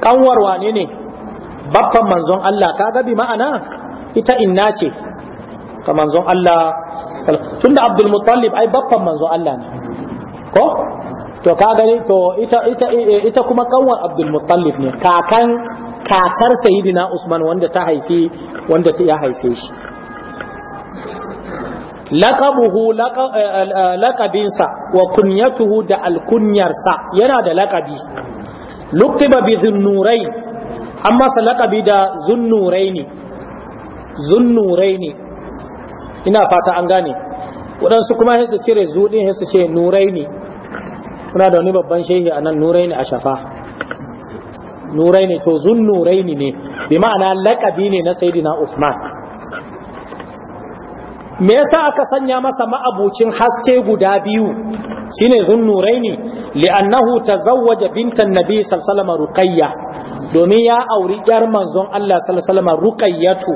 kanwar wane ne baffan manzon Allah Ka bi ma'ana ita inna ce ka manzon Allah tunda Abdul Muttalib ai baffan manzon Allah ne ko to ka gani to ita ita ita kuma kanwar Abdul Muttalib ne kakan kakar sayyidina Usman wanda ta haifi wanda ta ya haife shi laqabuhu eh, eh, eh, laqabinsa wa kunyatuhu da alkunyarsa yana da laqabi luktiba bi zunnurai an masa laqabi da zunnuraini zunnuraini ina fata an gane waɗansu kuma su cire zuɗin su ce nuraini kuna da wani babban shehi a nan nuraini a shafa nuraini to zun nuraini ne bi ma'ana laƙabi ne na sayidina usman me yasa aka sanya masa ma'abucin haske guda biyu shine ne. li'annahu tazawwaja bintan nabi sallallahu ruqayya domin ya auri yar manzon Allah sallallahu ruqayyatu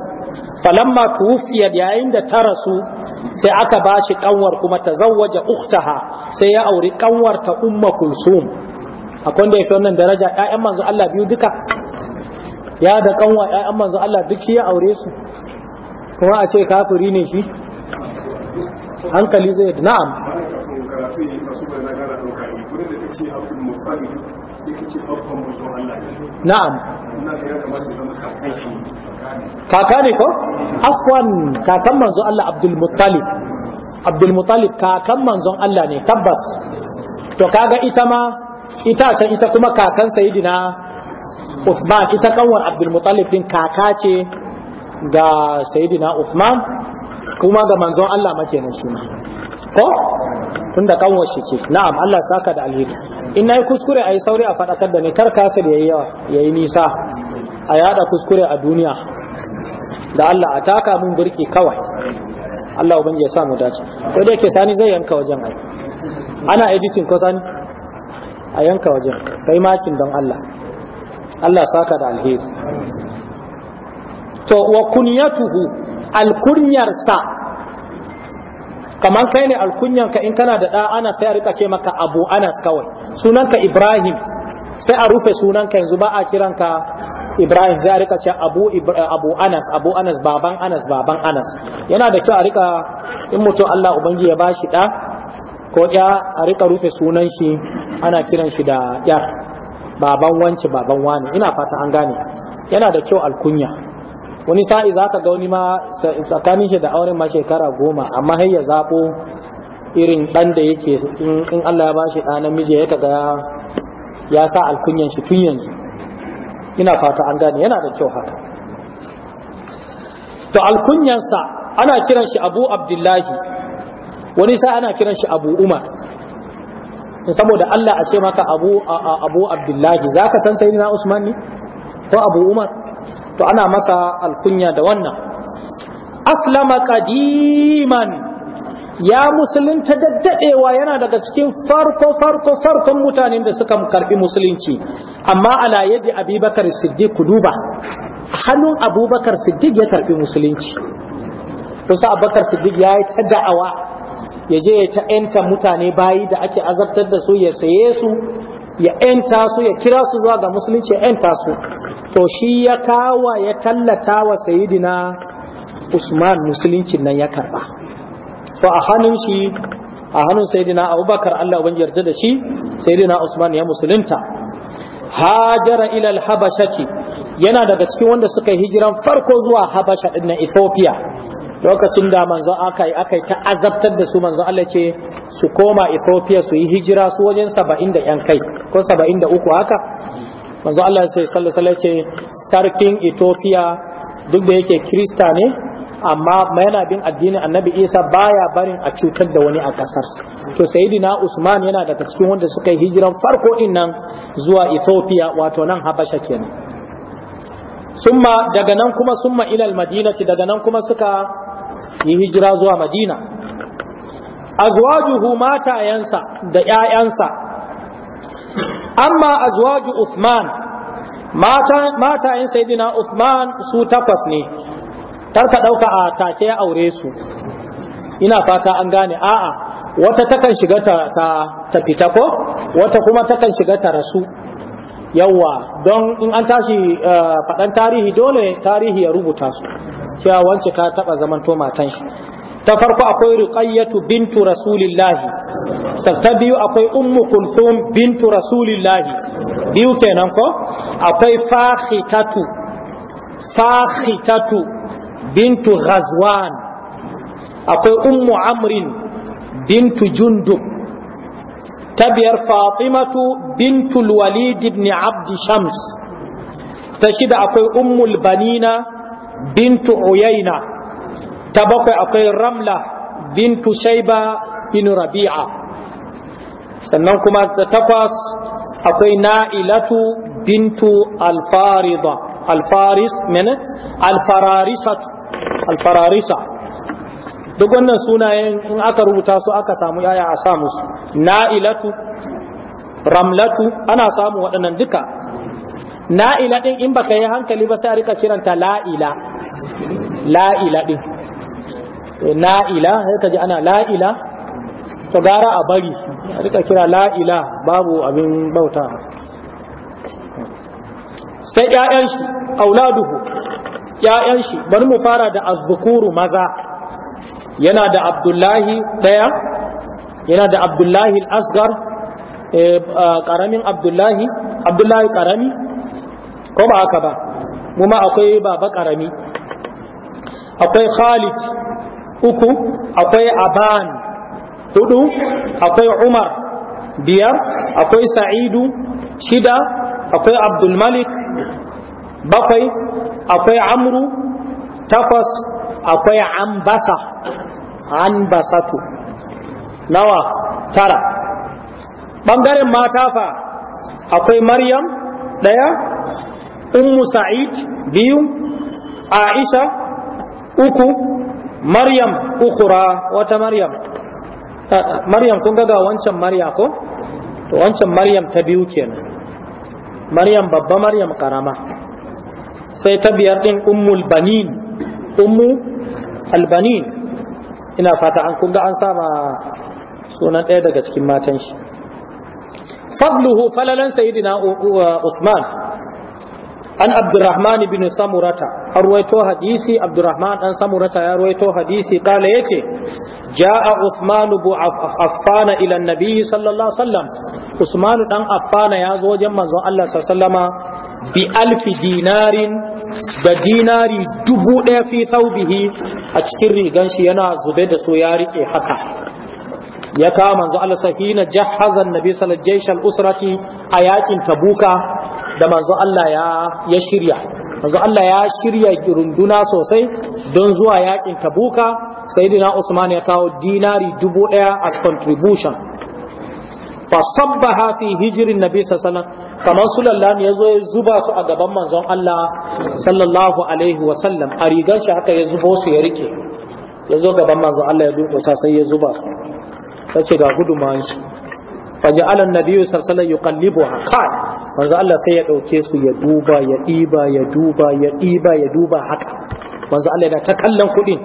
falamma tuwfiya yayin da ta rasu sai aka bashi kanwar kuma tazawwaja ukhtaha sai ya auri kanwar ta umma kulsum akwai wanda yake wannan daraja ƴaƴan manzon Allah biyu duka ya da kanwa ƴaƴan manzon Allah duk shi ya aure su kuma a ce kafiri ne shi hankali zai da na'am na'am kaka ne ko afwan kakan manzo Allah Abdul Muttalib Abdul Muttalib kakan manzon Allah ne tabbas to kaga ita ma ita can ita kuma kakan sayidina Uthman ita kanwar Abdul Muttalib din kaka ce ga sayidina Uthman kuma ga manzon Allah makenan shi ma ko tunda kanwar shi ce na'am Allah saka da alheri in nayi kuskure ayi sauri a fadakar da ni kar kasir yayi yawa yayi nisa a yada kuskure a duniya da Allah a taka mun burki kawai Allah ubangi ya sa mu dace ko da yake sani zai yanka wajen ai ana editing ko sani a yanka wajen kai makin don Allah Allah saka da alheri to wa kunyatuhu alkunyarsa kamar kai ne alkunyanka in kana da ɗa'ana sai a rika ce maka abu anas kawai sunanka ibrahim sai a rufe sunanka yanzu ba a kiranka ibrahim sai a rika ce abu, abu anas abu anas baban anas baban anas yana da kyau a rika in mutum allah ubangi ya bashi ɗa ko ya a rika rufe sunan shi ana kiran shi da ƴar baban wance baban wani ina fata an gane yana da kyau alkunya wani sa'i za ka ga wani ma tsakanin shi da auren ma shekara goma amma har ya zaɓo irin ɗan da yake in Allah ya ba shi ɗanan namiji ya kaga ya sa alkunyan shi tun yanzu ina fata an gane yana da kyau haka to alkunyansa ana kiran shi abu abdullahi wani sa ana kiran shi abu umar saboda Allah a ce maka abu abu abdullahi za ka san sai na usman ne ko abu umar to ana masa alkunya da wannan aslama qadiman ya musulunta daddadewa yana daga cikin farko farko farkon mutanen da suka karbi musulunci amma ala yadi abubakar siddiq duba hannun abubakar siddiq ya karbi musulunci to sa abubakar siddiq ya yi ta da'awa ya je ya mutane bayi da ake azabtar da su ya saye su ya ƴanta su ya kira su zuwa ga musulunci ya su to shi ya kawa ya tallata wa sayidina usman musulunci nan ya karba to a hannun shi a hannun sayidina abubakar allah ubangi yarda da shi sayidina usman ya musulunta hajara ilal habashati yana daga cikin wanda suka yi hijiran farko zuwa habasha din na ethiopia lokacin da manzo aka yi aka yi ta azabtar da su manzo Allah ce su koma Ethiopia su yi hijira su wajen 70 yan kai ko 73 haka manzo Allah sai sallallahu alaihi ce sarkin Ethiopia duk da yake Kirista ne amma yana bin addinin Annabi Isa baya barin a cutar da wani a kasar to sayyidina Usman yana da cikin wanda suka yi hijiran farko din nan zuwa Ethiopia wato nan Habasha kenan summa daga nan kuma summa ilal madinati daga nan kuma suka yi hijira zuwa madina azwajuhu matayensa da ‘ya'yansa amma azwaju Uthman matayen na Usman su takwas ne tarka ɗauka a take ya aure su ina fata an gane a'a wata takan shiga ta fita ko wata kuma takan shiga ta rasu yawa don in an tashi eh, faɗan tarihi dole tarihi ya rubuta su cewa wance ka taɓa zaman to matan shi ta farko akwai ruqayyatu bintu rasulillahi ta biyu akwai ummu kulthum bintu rasulillahi biyu kenan ko akwai fakhitatu fakhitatu bintu ghazwan akwai ummu amrin bintu jundub ta biyar fatimatu bintul walid ibn abd shams ta shida akwai ummul banina bintu uyaina ta bakwai akwai ramla bintu shaiba bin rabi'a sannan kuma da takwas akwai na'ilatu bintu alfarida alfararisa duk wannan sunayen in aka rubuta su aka samu yaya a sa musu na'ilatu ramlatu ana samu waɗannan duka na'ila din in baka yi hankali ba sai a rika kiranta la'ila la'ila din eh, na'ila sai ka ji ana la'ila to gara a bari a rika kira la'ila babu abin bauta sai ƴaƴan shi auladuhu ƴaƴan shi bari mu fara da azzukuru maza yana da abdullahi ɗaya yana da abdullahi al'asgar eh, ƙaramin abdullahi abdullahi ƙarami ko ba haka ba kuma akwai baba ƙarami akwai khalid uku akwai aban hudu akwai umar biyar akwai sa'idu shida akwai abdulmalik bakwai akwai amru takwas akwai basa an basatu nawa tara ɓangaren mata fa akwai maryam ɗaya Umu sa'id biyu aisha uku maryam ukura wata maryam ah, ah, maryam kun ga wancan Maryam ko to wancan maryam ta biyu kenan maryam babba maryam karama sai ta biyar ɗin Umul banin ummu albanin ina fata an kunga an sama sunan ɗaya daga cikin matan shi fadluhu falalan sayidina uh, usman an abdurrahman ibn samurata arwaito hadisi abdurrahman dan samurata ya ruwaito hadisi kala yace ja'a usman bu affana ila annabi sallallahu alaihi wasallam usman dan affana ya zo wajen manzon Allah sallallahu alaihi wasallama bi alfi dinarin da dinari dubu ɗaya fi taubihi a cikin rigan shi yana zube da su ya rike haka ya kama manzo Allah sahina jahazan nabi sallallahu alaihi usrati a yakin tabuka da manzo Allah ya ya shirya manzo Allah ya shirya runduna sosai don zuwa yakin tabuka sayyidina Usman ya kawo dinari dubu ɗaya as contribution fa sabbaha fi hijirin nabi sallallahu kamar sulallan ya zo ya zuba su a gaban manzon Allah sallallahu alaihi wa sallam a rigar shi haka ya zubo su ya rike ya zo gaban manzon Allah ya sa, sai ya zuba su ta ce ga gudumawan shi faja'alan Nabi sallallahu alaihi yuqallibuha kan manzo Allah sai ya dauke su ya duba ya diba ya duba ya diba ya duba haka manzo Allah yana ta kallon kudin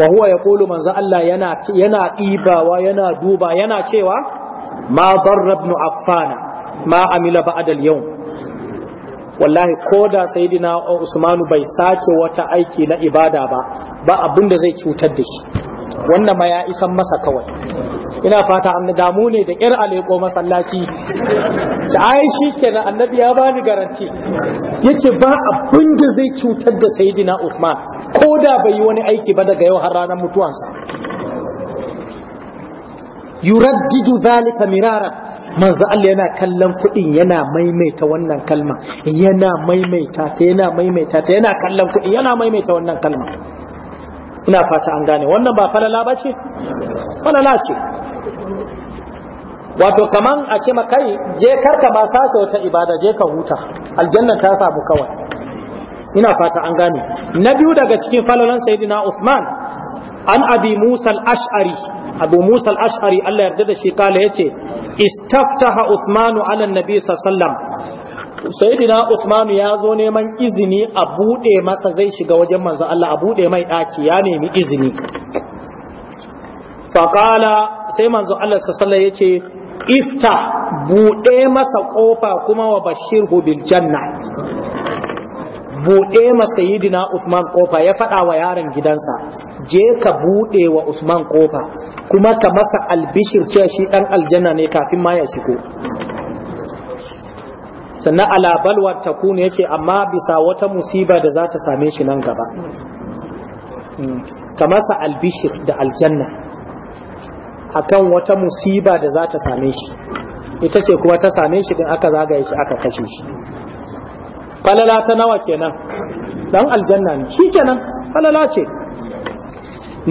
wa huwa yaqulu manzo Allah yana yana dibawa yana duba yana cewa ma darra ibn affana ma amila ba'da al-yawm wallahi da sayyidina usmanu bai sace wata aiki na ibada ba ba abin da zai cutar da shi wannan ma ya isan masa kawai ina fata an damu ne da ƙyar aleko masallaci ta ai shi kenan annabi ya bani garanti yace ba abin da zai cutar da sayyidina Usman, ko da bai yi wani aiki ba daga yau har ranar mutuwansa yuraddidu zalika mirara manzo Allah yana kallon kudin yana maimaita wannan kalma yana maimaita ta yana maimaita ta yana kallon kuɗin yana maimaita wannan kalma ina fata an gane wannan ba falala ba ce falala ce wato kaman a ce kai je karka ba sake wata ibada je ka huta aljanna ta samu kawai ina fata an gane na biyu daga cikin falalan sayyidina Uthman an abi musa al-ash'ari abu musa al-ash'ari Allah yarda da shi kala yace istaftaha Usmanu ala nabi sallallahu sayyidina uthmanu ya zo neman izini a bude masa zai shiga wajen manzo Allah a bude mai daki ya nemi izini faqala sai manzo Allah sallallahu yace ifta bude masa kofa kuma wa bashirhu bil janna buɗe ma sayidina Usman kofa ya faɗa wa yaron gidansa je ka buɗe wa Usman kofa kuma ka masa albishir cewa shi ɗan aljanna ne kafin ma ya shigo sannan alabalwar ta yace amma bisa wata musiba da za ta same shi nan gaba hmm. ka masa albishir da aljanna akan wata musiba da za ta same shi ita ce kuma ta same shi din aka zagaye shi aka kashe shi falala ta nawa kenan dan aljanna ne shi kenan falala ce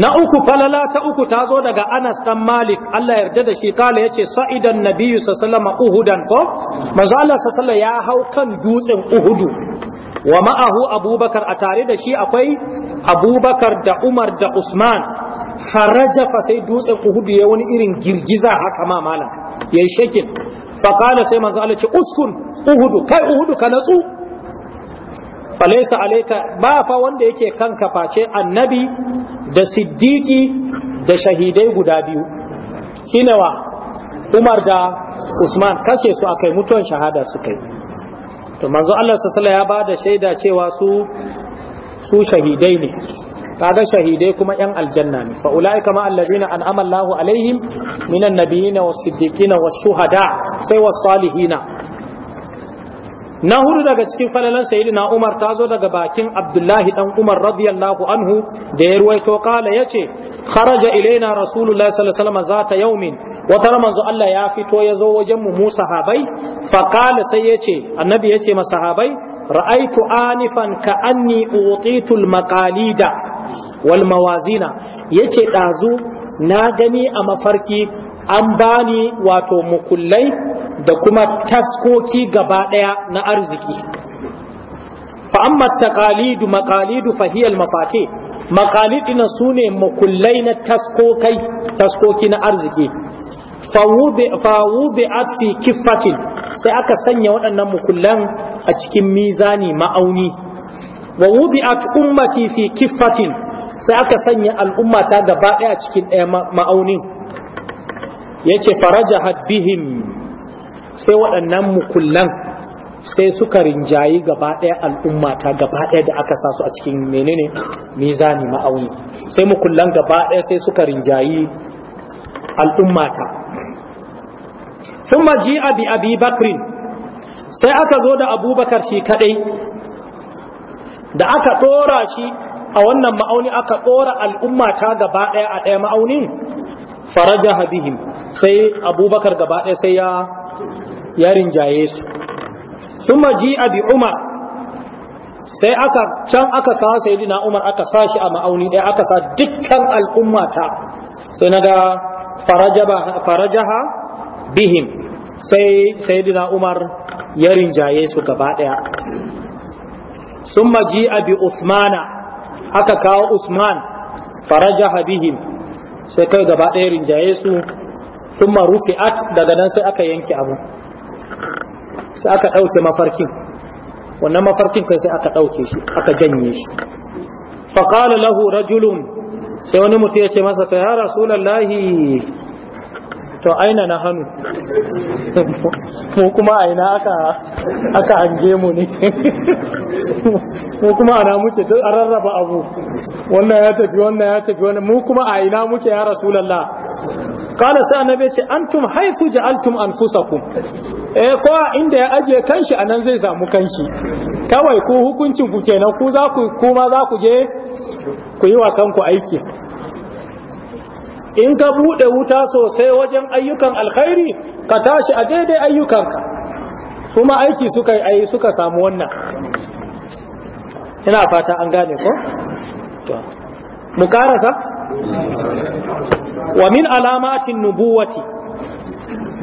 na uku falala ta uku ta zo daga Anas dan Malik Allah yarda da shi kala yace sa'idan nabiyyu sallallahu uhudan ko manzo Allah sallallahu ya hau kan dutsen uhudu wa ma'ahu abubakar a tare da shi akwai abubakar da umar da usman faraja fa sai dutsen uhudu ya wani irin girgiza haka ma malam yayi shekin fa kala sai manzo Allah ce uskun uhudu kai uhudu ka natsu falaisa alaika ba fa wanda yake kanka face annabi da siddiki da shahidai guda biyu shine wa Umar da Usman kashe su akai mutuwan shahada su kai to manzo Allah sallallahu ya bada shaida cewa su su shahidai ne kaga shahidai kuma yan aljanna ne fa ulaika ma allazina an'ama Allahu alaihim minan nabiyina was siddiqina was shuhada sai was salihina na hudu daga cikin falalan sayyidina Umar ta zo daga bakin Abdullahi dan Umar radiyallahu anhu da ya ruwaito kala yace kharaja ilaina rasulullahi sallallahu alaihi wasallam zata yaumin wata manzo Allah ya fito ya zo wajen mu sahabai fa kala sai yace annabi yace ma sahabai ra'aitu anifan ka anni utitu maqalida wal mawazina yace dazu na gani a mafarki an bani wato mukullai da kuma taskoki gaba ɗaya na arziki fa'amma taƙalidu maƙalidu fahiyar mafate na su ne makullai na taskoki na arziki fawuzi fi kifatin sai aka sanya waɗannan makullan a cikin mizani ma'auni wa at ummati fi kifatin sai aka sanya al'ummata gaba ɗaya cikin ɗaya ma'aunin yace ce faraja bihim sai waɗannan mukullan sai suka rinjayi gaba ɗaya al'umma ta gaba ɗaya da aka sa su a cikin menene mizani ma'auni sai mukullan gaba ɗaya sai suka rinjayi al'umma ta sun maji abi abi bakrin sai aka zo da abubakar shi kaɗai da aka ɗora shi a wannan ma'auni aka ɗora al'umma ta gaba ɗaya a ɗaya ma'aunin faraja habihim sai abubakar gaba ɗaya sai ya ya rinjaye su ma ji bi umar sai aka can aka sai dina umar aka sa shi a ma'auni ɗaya aka sa dukkan al'ummata sai naga farajaha bihim sai dina umar ya rinjaye su gaba ɗaya ma ji bi usmana aka kawo usman farajaha bihim sai kai gaba ɗaya rinjaye su rufe at daga nan sai aka yanke abu sai aka ɗauke mafarkin wannan mafarkin kai sai aka ɗauke shi aka janye shi faƙala lahu rajulun sai wani mutum ya ce masa ta ya rasulallahi to aina na hannu mu kuma aina aka aka hange mu ne mu kuma ana muke duk an rarraba abu wannan ya tafi wannan ya tafi wannan mu kuma a ina muke ya rasulullah kana sai annabi ce antum haifu ja'altum anfusakum eh ko inda ya ajiye kanshi anan zai samu kanshi kawai ku hukuncin ku kenan ku za ku kuma za ku je ku yi wa kanku aiki in ka buɗe wuta sosai wajen ayyukan alkhairi ka tashi a daidai ayyukanka kuma aiki suka yi suka samu wannan ina fata an gane ko mu karasa wa min alamatin nubuwati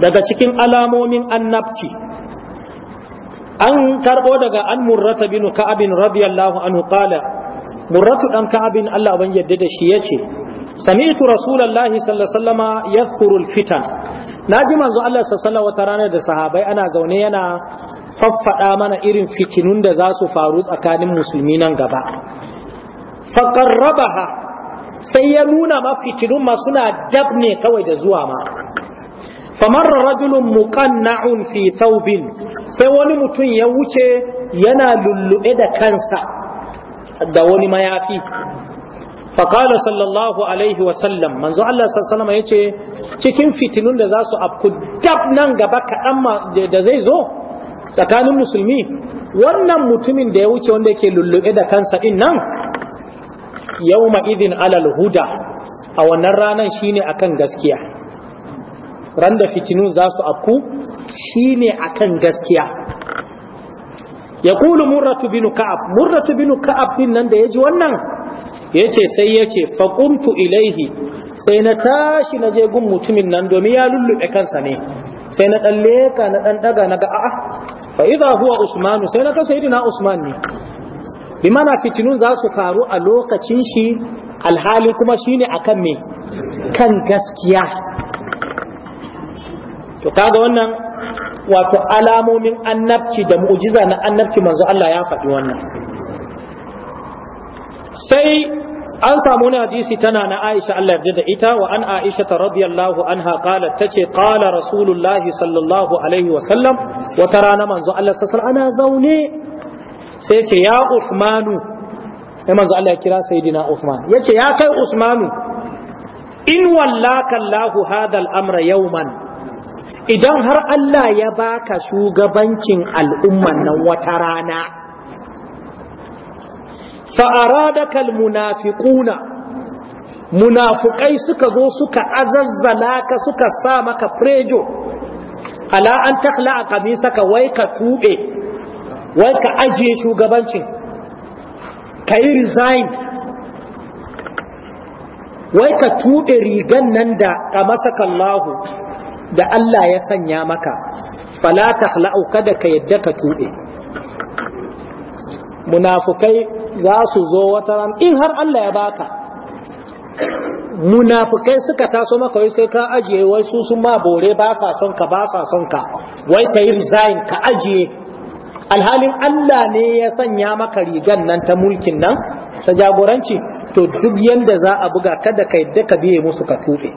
daga cikin alamomin annabci an karbo daga an murrata bin ka'abin radiyallahu anhu qala murratu dan ka'abin Allah ban yadda da shi yace sami'tu rasulullahi sallallahu alaihi wasallama yadhkurul fitan naji manzo Allah sallallahu wata rana da sahabai ana zaune yana faffada mana irin fitinun da za su faru tsakanin musulmi nan gaba faqarrabaha sai ya nuna ma fitinun ma suna dabne kawai da zuwa ma famar rajulun muqanna'un fi thawbin sai wani mutum ya wuce yana lulluɓe da kansa da wani mayafi faƙala sallallahu alaihi wasallam manzo Allah sallama ce cikin fitinun da za su afku dab nan gaba kaɗan da zai zo tsakanin musulmi wannan mutumin da ya wuce wanda yake lullube da kansa ɗin nan yau idin alal huda a wannan ranan shine akan gaskiya ran da fitinun za su afku shine akan gaskiya ya kulu murratu binu ka'ab murratu binu ka'ab din nan da ya ji wannan yace sai yace fa qumtu ilaihi sai na tashi na je gun mutumin nan domin ya lullube kansa ne sai na ɗan leka na dan daga na ga a'a fa idha huwa usman sai na ga sayyidina usman ne bi mana fitinun za su faru a lokacin shi alhali kuma shine akan me kan gaskiya to kaga wannan wato alamomin annabci da mu'jiza na annabci manzo Allah ya faɗi wannan sai an samu wani hadisi tana na Aisha Allah yarda da ita wa an Aisha ta radiyallahu anha qalat tace qala rasulullah sallallahu alaihi wa sallam wata rana manzo Allah sallallahu ana zaune sai ce ya Uthmanu sai manzo Allah ya kira sayyidina Uthman yace ya kai Uthmanu in wallaka Allahu hadha al-amra yawman idan har Allah ya baka shugabancin al'umman nan wata rana fa'aradakal munafiquna munafukai suka zo suka azazzala ka suka sa maka prejo ala an takla a ka wai ka tuɓe wai ka ajiye shugabancin ka yi resign wai ka tuɓe rigan nan da a masakallahu da Allah ya sanya maka fala kada ka yadda ka tuɓe munafukai za su zo wata ran in har Allah ya baka munafukai suka taso maka wai sai ka ajiye wai su sun ma bore ba sa son ka ba sa son ka wai ka yi resign ka ajiye alhalin Allah ne ya sanya maka rigan nan ta mulkin nan ta jagoranci to duk yanda za a buga kada ka yadda ka biye musu ka tube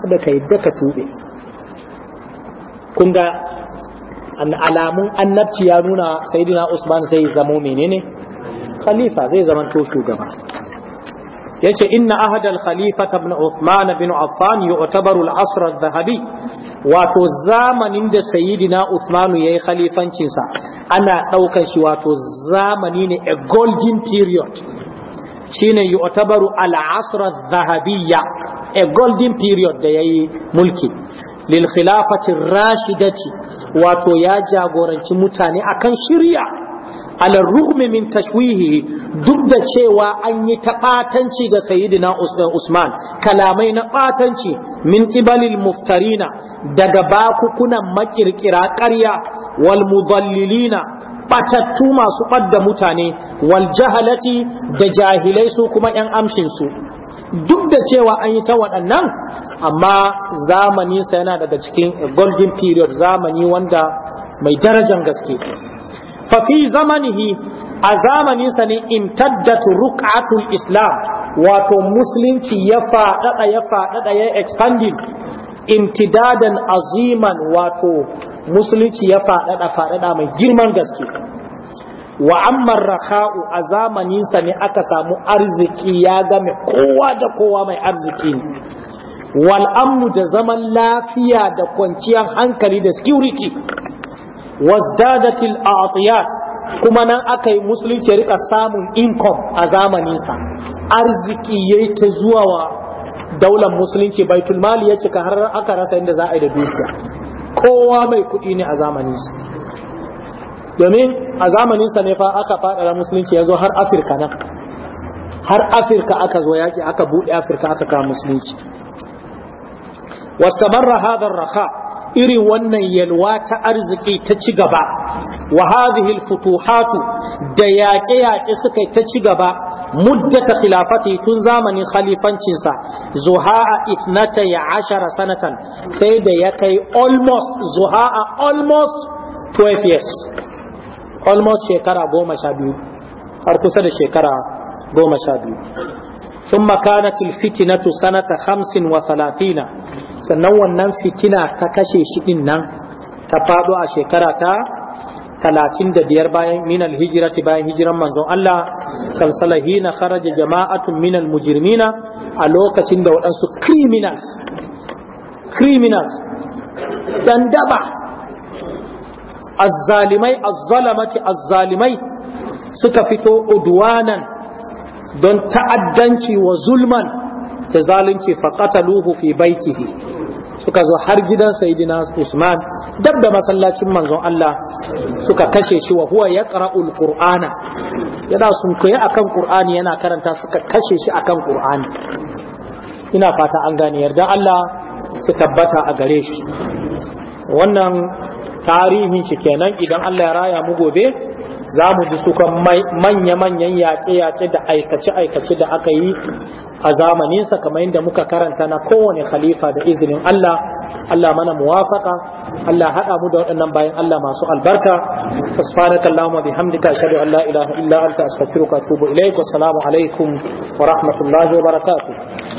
kada ka yadda ka tube kun alamun annabci ya nuna sayyidina Usman sai zamo menene khalifa zai zama to shugaba yace inna ahadal khalifata ibn Uthman bin Affan yu'tabaru al-asr adh-dhahabi wato zamanin da sayyidina Uthman yayi khalifancin sa ana daukan shi wato zamani ne a golden period shine yu'tabaru al-asr adh-dhahabiyya a golden period da yayi mulki lil khilafati rashidati wato ya jagoranci mutane akan shari'a Alan ruhmi min tashwihi duk da cewa an yi ta batanci ga sayyidina eh, Usman kalamai na batanci min qibalil muftarina daga bakukunan makirkira ƙarya wal mudallilina batattu masu ɓadda mutane wal jahalati da jahilai su kuma 'yan amshinsu duk da cewa an yi ta waɗannan amma zamaninsa yana daga cikin golden period zamani wanda mai darajan gaske fa fi zamanihi a zamaninsa ne imtaddat ruq'atul islam wato musulunci ya faɗaɗa ya faɗaɗa ya expanding imtidadan aziman wato musulunci ya faɗaɗa faɗaɗa mai girman gaske wa raka'u a zamaninsa ne aka samu arziki ya game kowa da kowa mai arziki ne wal da zaman lafiya da kwanciyar hankali da sikuriti. wasdadatil a'tiyat kuma nan aka yi musulunci rika samun income a zamaninsa arziki yayi ta zuwa wa daular musulunci baitul mali ya cika har aka rasa inda za a yi da dukiya kowa mai kuɗi ne a zamaninsa domin a zamaninsa ne fa aka faɗaɗa musulunci ya zo har afirka nan har afirka aka zo yaƙi aka buɗe afirka aka kawo musulunci wastamarra rahadar raha irin wannan yalwa ta arziki ta ci gaba wa hadhihi futuhatu da yaƙe yaƙe suka ta ci gaba muddata khilafati tun zamanin khalifancinsa zuha'a ithnata ya ashara sanatan sai da ya kai almost zuha'a almost 12 years almost shekara goma sha biyu har kusa da shekara goma sha biyu sun makanatul fitinatu sanata hamsin wa salatina sannan wannan fitina ta kashe shi din nan ta faɗo a shekara ta talatin da biyar bayan minal hijirati bayan hijiran manzon Allah salsalahi na kharaja jama'atun minal mujirmina a lokacin da waɗansu criminals criminals ɗan daba azzalimai azzalamati azzalimai suka fito udwanan don ta'addanci wa zulman da zalunci luhu fi baitihi suka zo har gidan sayidina Usman dab da masallacin manzon Allah suka kashe shi wa huwa ya yaqra'ul qur'ana yana a kan ƙur'ani yana karanta suka kashe shi a kan ƙur'ani ina fata an gani yardan Allah su tabbata a gare shi wannan tarihin shi kenan idan Allah ya raya mu gobe za mu ji suka manya-manyan yaƙe-yaƙe da aikace-aikace da aka yi a zamaninsa kamar yadda muka karanta na kowane khalifa da izinin Allah Allah mana muwafaka Allah haɗa mu da waɗannan bayan Allah masu albarka subhanaka allahumma bihamdika ashhadu an la ilaha illa anta astaghfiruka wa atubu ilaik wa assalamu alaikum wa rahmatullahi wa barakatuh